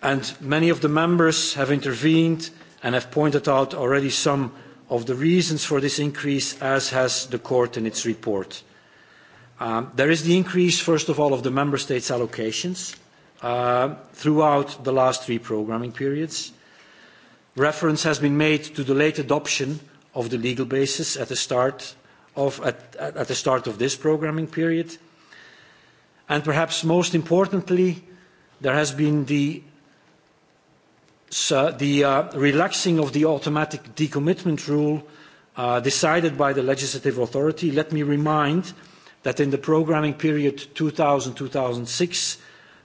And many of the members have intervened and have pointed out already some of the reasons for this increase, as has the court in its report. Um, there is the increase, first of all, of the member states' allocations Uh, throughout the last three programming periods. Reference has been made to the late adoption of the legal basis at the start of, this programming period. And perhaps most importantly, there has been the, uh, uh, relaxing of the automatic decommitment rule decided by the legislative authority. Let me remind that in the programming period 2000-2006,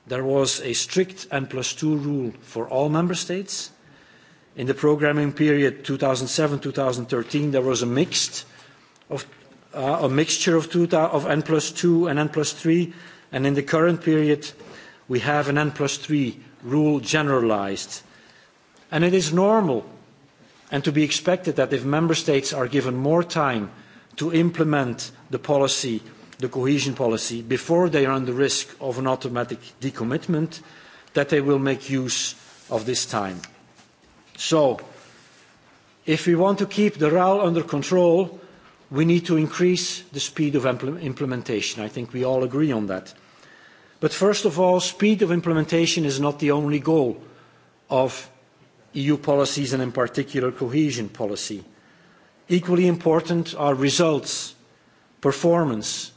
there was a strict N plus two rule for all member states. In the programming period 2007-2013, there was a mixed of uh, a mixture of, two, of N plus two and N plus three, and in the current period, we have an N plus three rule generalised. And it is normal and to be expected that if member states are given more time to implement the policy the cohesion policy before they run the risk of an automatic decommitment that they will make use of this time. So, if we want to keep the RAL under control, we need to increase the speed of implementation. I think we all agree on that. But first of all, speed of implementation is not the only goal of EU policies and in particular cohesion policy. Equally important are results, performance,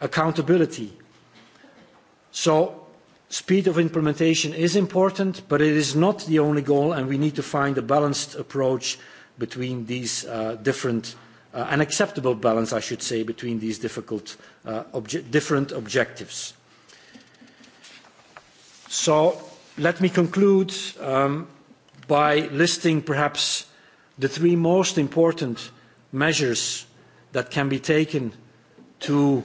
accountability. So speed of implementation is important, but it is not the only goal, and we need to find a balanced approach between these uh, different, uh, an acceptable balance, I should say, between these difficult, uh, obje different objectives. So let me conclude um, by listing perhaps the three most important measures that can be taken to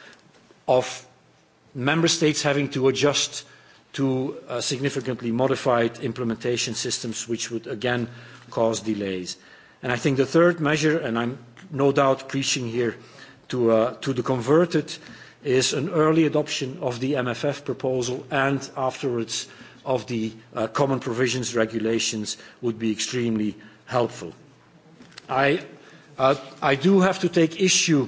of member states having to adjust to uh, significantly modified implementation systems, which would again cause delays. And I think the third measure, and I'm no doubt preaching here to, uh, to the converted, is an early adoption of the MFF proposal and afterwards of the uh, common provisions regulations would be extremely helpful. I, uh, I do have to take issue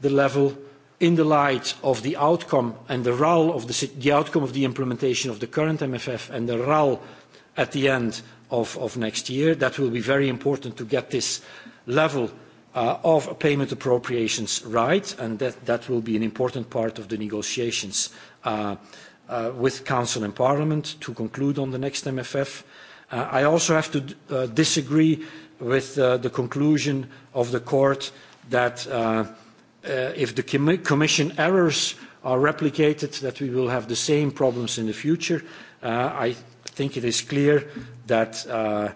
the level in the light of the outcome and the RAL of the, the outcome of the implementation of the current MFF and the RAL at the end of, of next year. That will be very important to get this level uh, of payment appropriations right, and that, that will be an important part of the negotiations uh, uh, with Council and Parliament to conclude on the next MFF. Uh, I also have to uh, disagree with uh, the conclusion of the court that Uh, if the Commission errors are replicated, that we will have the same problems in the future. Uh, I think it is clear that uh,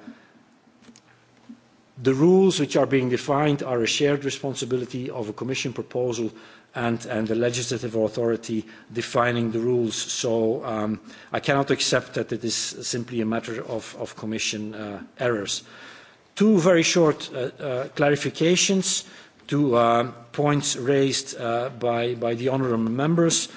the rules which are being defined are a shared responsibility of a Commission proposal and, and the legislative authority defining the rules. So um, I cannot accept that it is simply a matter of, of Commission uh, errors. Two very short uh, uh, clarifications. Uh, to uh, points raised uh, by, by the honourable members.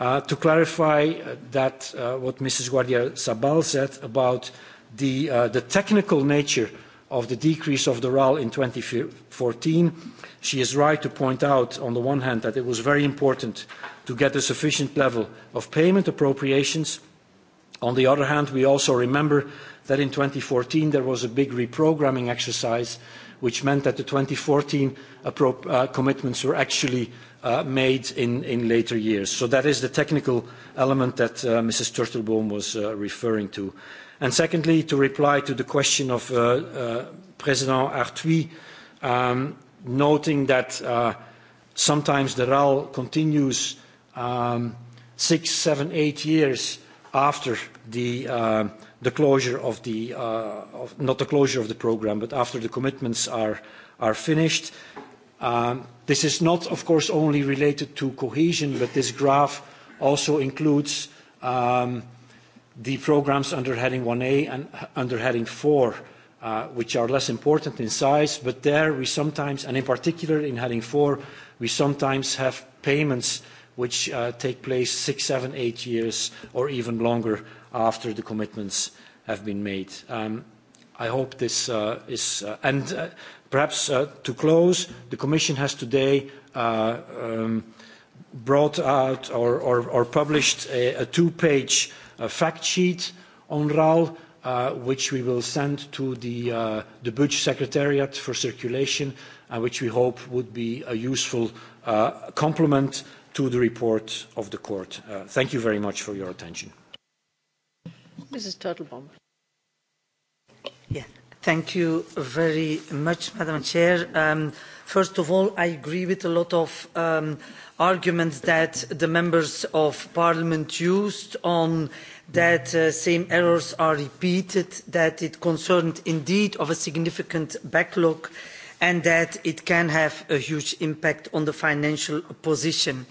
Uh, to clarify uh, that uh, what Mrs. Guardia Sabal said about the, uh, the technical nature of the decrease of the RAL in fourteen, she is right to point out, on the one hand, that it was very important to get a sufficient level of payment appropriations. On the other hand, we also remember that in fourteen there was a big reprogramming exercise which meant that the 2014 appro- uh, commitments were actually uh, made in, in later years. So that is the technical element that uh, Mrs. Turtelbaum was uh, referring to. And secondly, to reply to the question of uh, uh, President Arthuis, um, noting that uh, sometimes the RAL continues um, six, seven, eight years after the, uh, the closure of the, uh, of, not the closure of the program, but after the commitments are, are finished. Um, this is not, of course, only related to cohesion, but this graph also includes um, the programs under heading 1A and under heading 4, uh, which are less important in size, but there we sometimes, and in particular in heading 4, we sometimes have payments which uh, take place six, seven, eight years or even longer after the commitments have been made. Um, I hope this uh, is... Uh, and uh, perhaps uh, to close, the Commission has today uh, um, brought out or, or, or published a, a two-page uh, fact sheet on RAL, uh, which we will send to the, uh, the Budge Secretariat for circulation, uh, which we hope would be a useful uh, complement to the report of the court. Uh, thank you very much for your attention. Mrs. Turtlebaum. Yeah. Thank you very much, Madam Chair. Um, first of all, I agree with a lot of um, arguments that the members of Parliament used on that uh, same errors are repeated, that it concerned indeed of a significant backlog uh, and that it can have a huge impact on the financial position.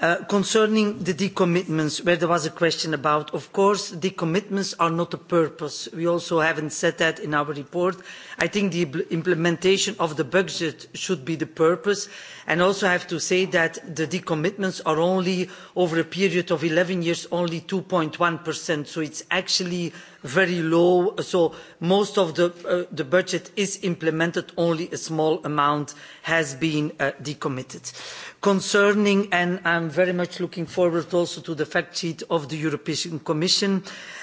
Uh, concerning the decommitments, where there was a question about, of course, decommitments are not a purpose. We also haven't said that in our report i think the implementation of the budget should be the purpose and also i have to say that the decommitments are only over a period of eleven years only. two one so it's actually very low so most of the, uh, the budget is implemented only a small amount has been uh, decommitted. concerning and i'm very much looking forward also to the fact sheet of the european commission uh,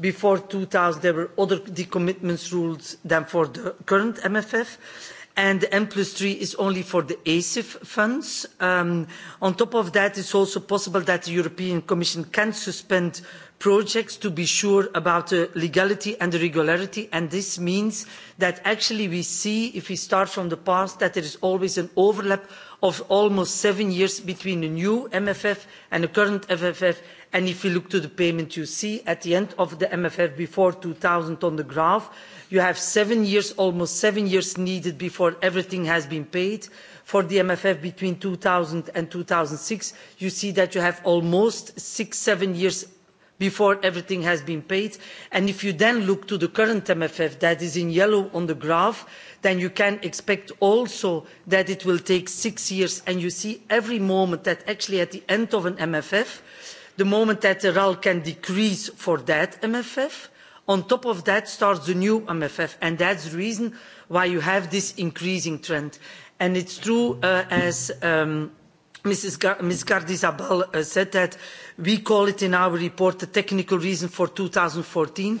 Before 2000, there were other decommitments rules than for the current MFF. And the M plus 3 is only for the ACIF funds. Um, on top of that, it's also possible that the European Commission can suspend projects to be sure about the legality and the regularity. And this means that actually we see, if we start from the past, that there is always an overlap of almost seven years between the new MFF and the current MFF And if you look to the payment you see at the end of the MFF before two thousand on the graph, you have seven years, almost seven years needed before everything has been paid. For the MFF between two thousand and two thousand six, you see that you have almost six, seven years before everything has been paid. And if you then look to the current MFF that is in yellow on the graph, then you can expect also that it will take six years. And you see every moment that actually at the end of an MFF, the moment that the RAL can decrease for that MFF, on top of that starts the new MFF. And that's the reason why you have this increasing trend. And it's true, uh, as um, Mrs. Gar Ms. Gardizabal uh, said, that we call it in our report the technical reason for fourteen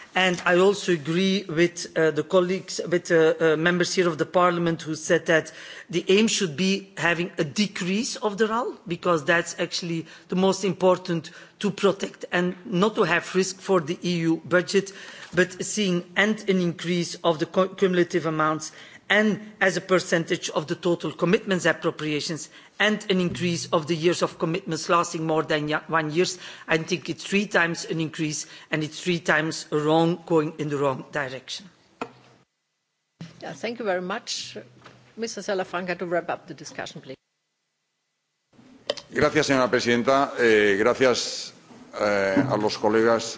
and i also agree with uh, the colleagues with uh, uh, members here of the parliament who said that the aim should be having a decrease of the ral because that's actually the most important to protect and not to have risk for the eu budget but seeing and an increase of the cumulative amounts and as a percentage of the total commitments appropriations and an increase of the years of commitments lasting more than one year. I think it's three times an increase and it's three times wrong, going in the wrong direction. Yeah, thank you very much. Mr. Salafranca, to wrap up the discussion, please. Gracias, señora presidenta. Eh, gracias eh, a los colegas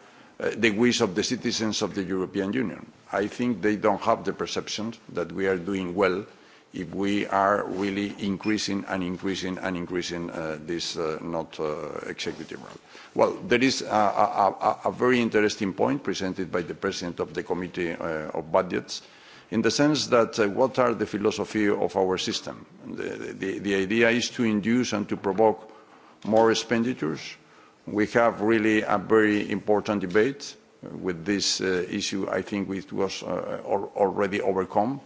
Uh, the wish of the citizens of the European Union. I think they don't have the perception that we are doing well if we are really increasing and increasing and increasing uh, this uh, not uh, executive role. Well, there is a, a, a very interesting point presented by the President of the Committee uh, of Budgets in the sense that uh, what are the philosophy of our system? The, the, the idea is to induce and to provoke more expenditures, We have really a very important debate with this uh, issue. I think it was uh, al already overcome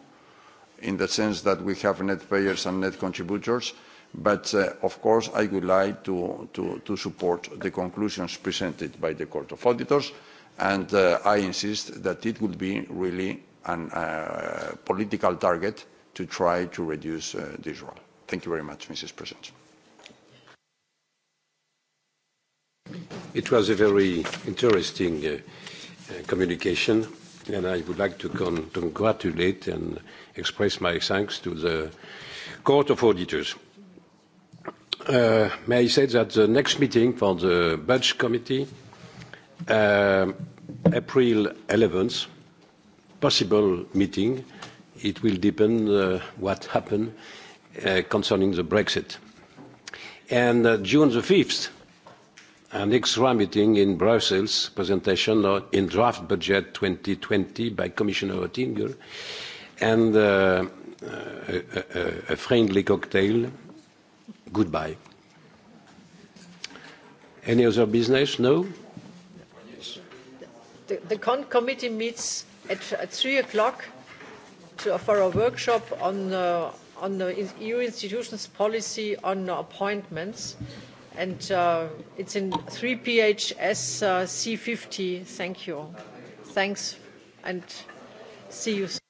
in the sense that we have net payers and net contributors. But uh, of course, I would like to, to, to support the conclusions presented by the Court of Auditors, and uh, I insist that it would be really a uh, political target to try to reduce uh, this role. Thank you very much, Mrs. President. It was a very interesting uh, uh, communication, and I would like to con congratulate and express my thanks to the Court of Auditors. Uh, may I say that the next meeting for the Budget Committee, April 11th, possible meeting, it will depend what happens concerning the Brexit. And June the 5th, an extra meeting in Brussels, presentation in draft budget 2020 by Commissioner Oettinger, and uh, a, a, a friendly cocktail. Goodbye. Any other business? No? The, the CON committee meets at, at 3 o'clock to, for a workshop on, uh, on the EU institutions policy on appointments and uh, it's in 3PHS uh, C50. Thank you. Thanks and see you soon.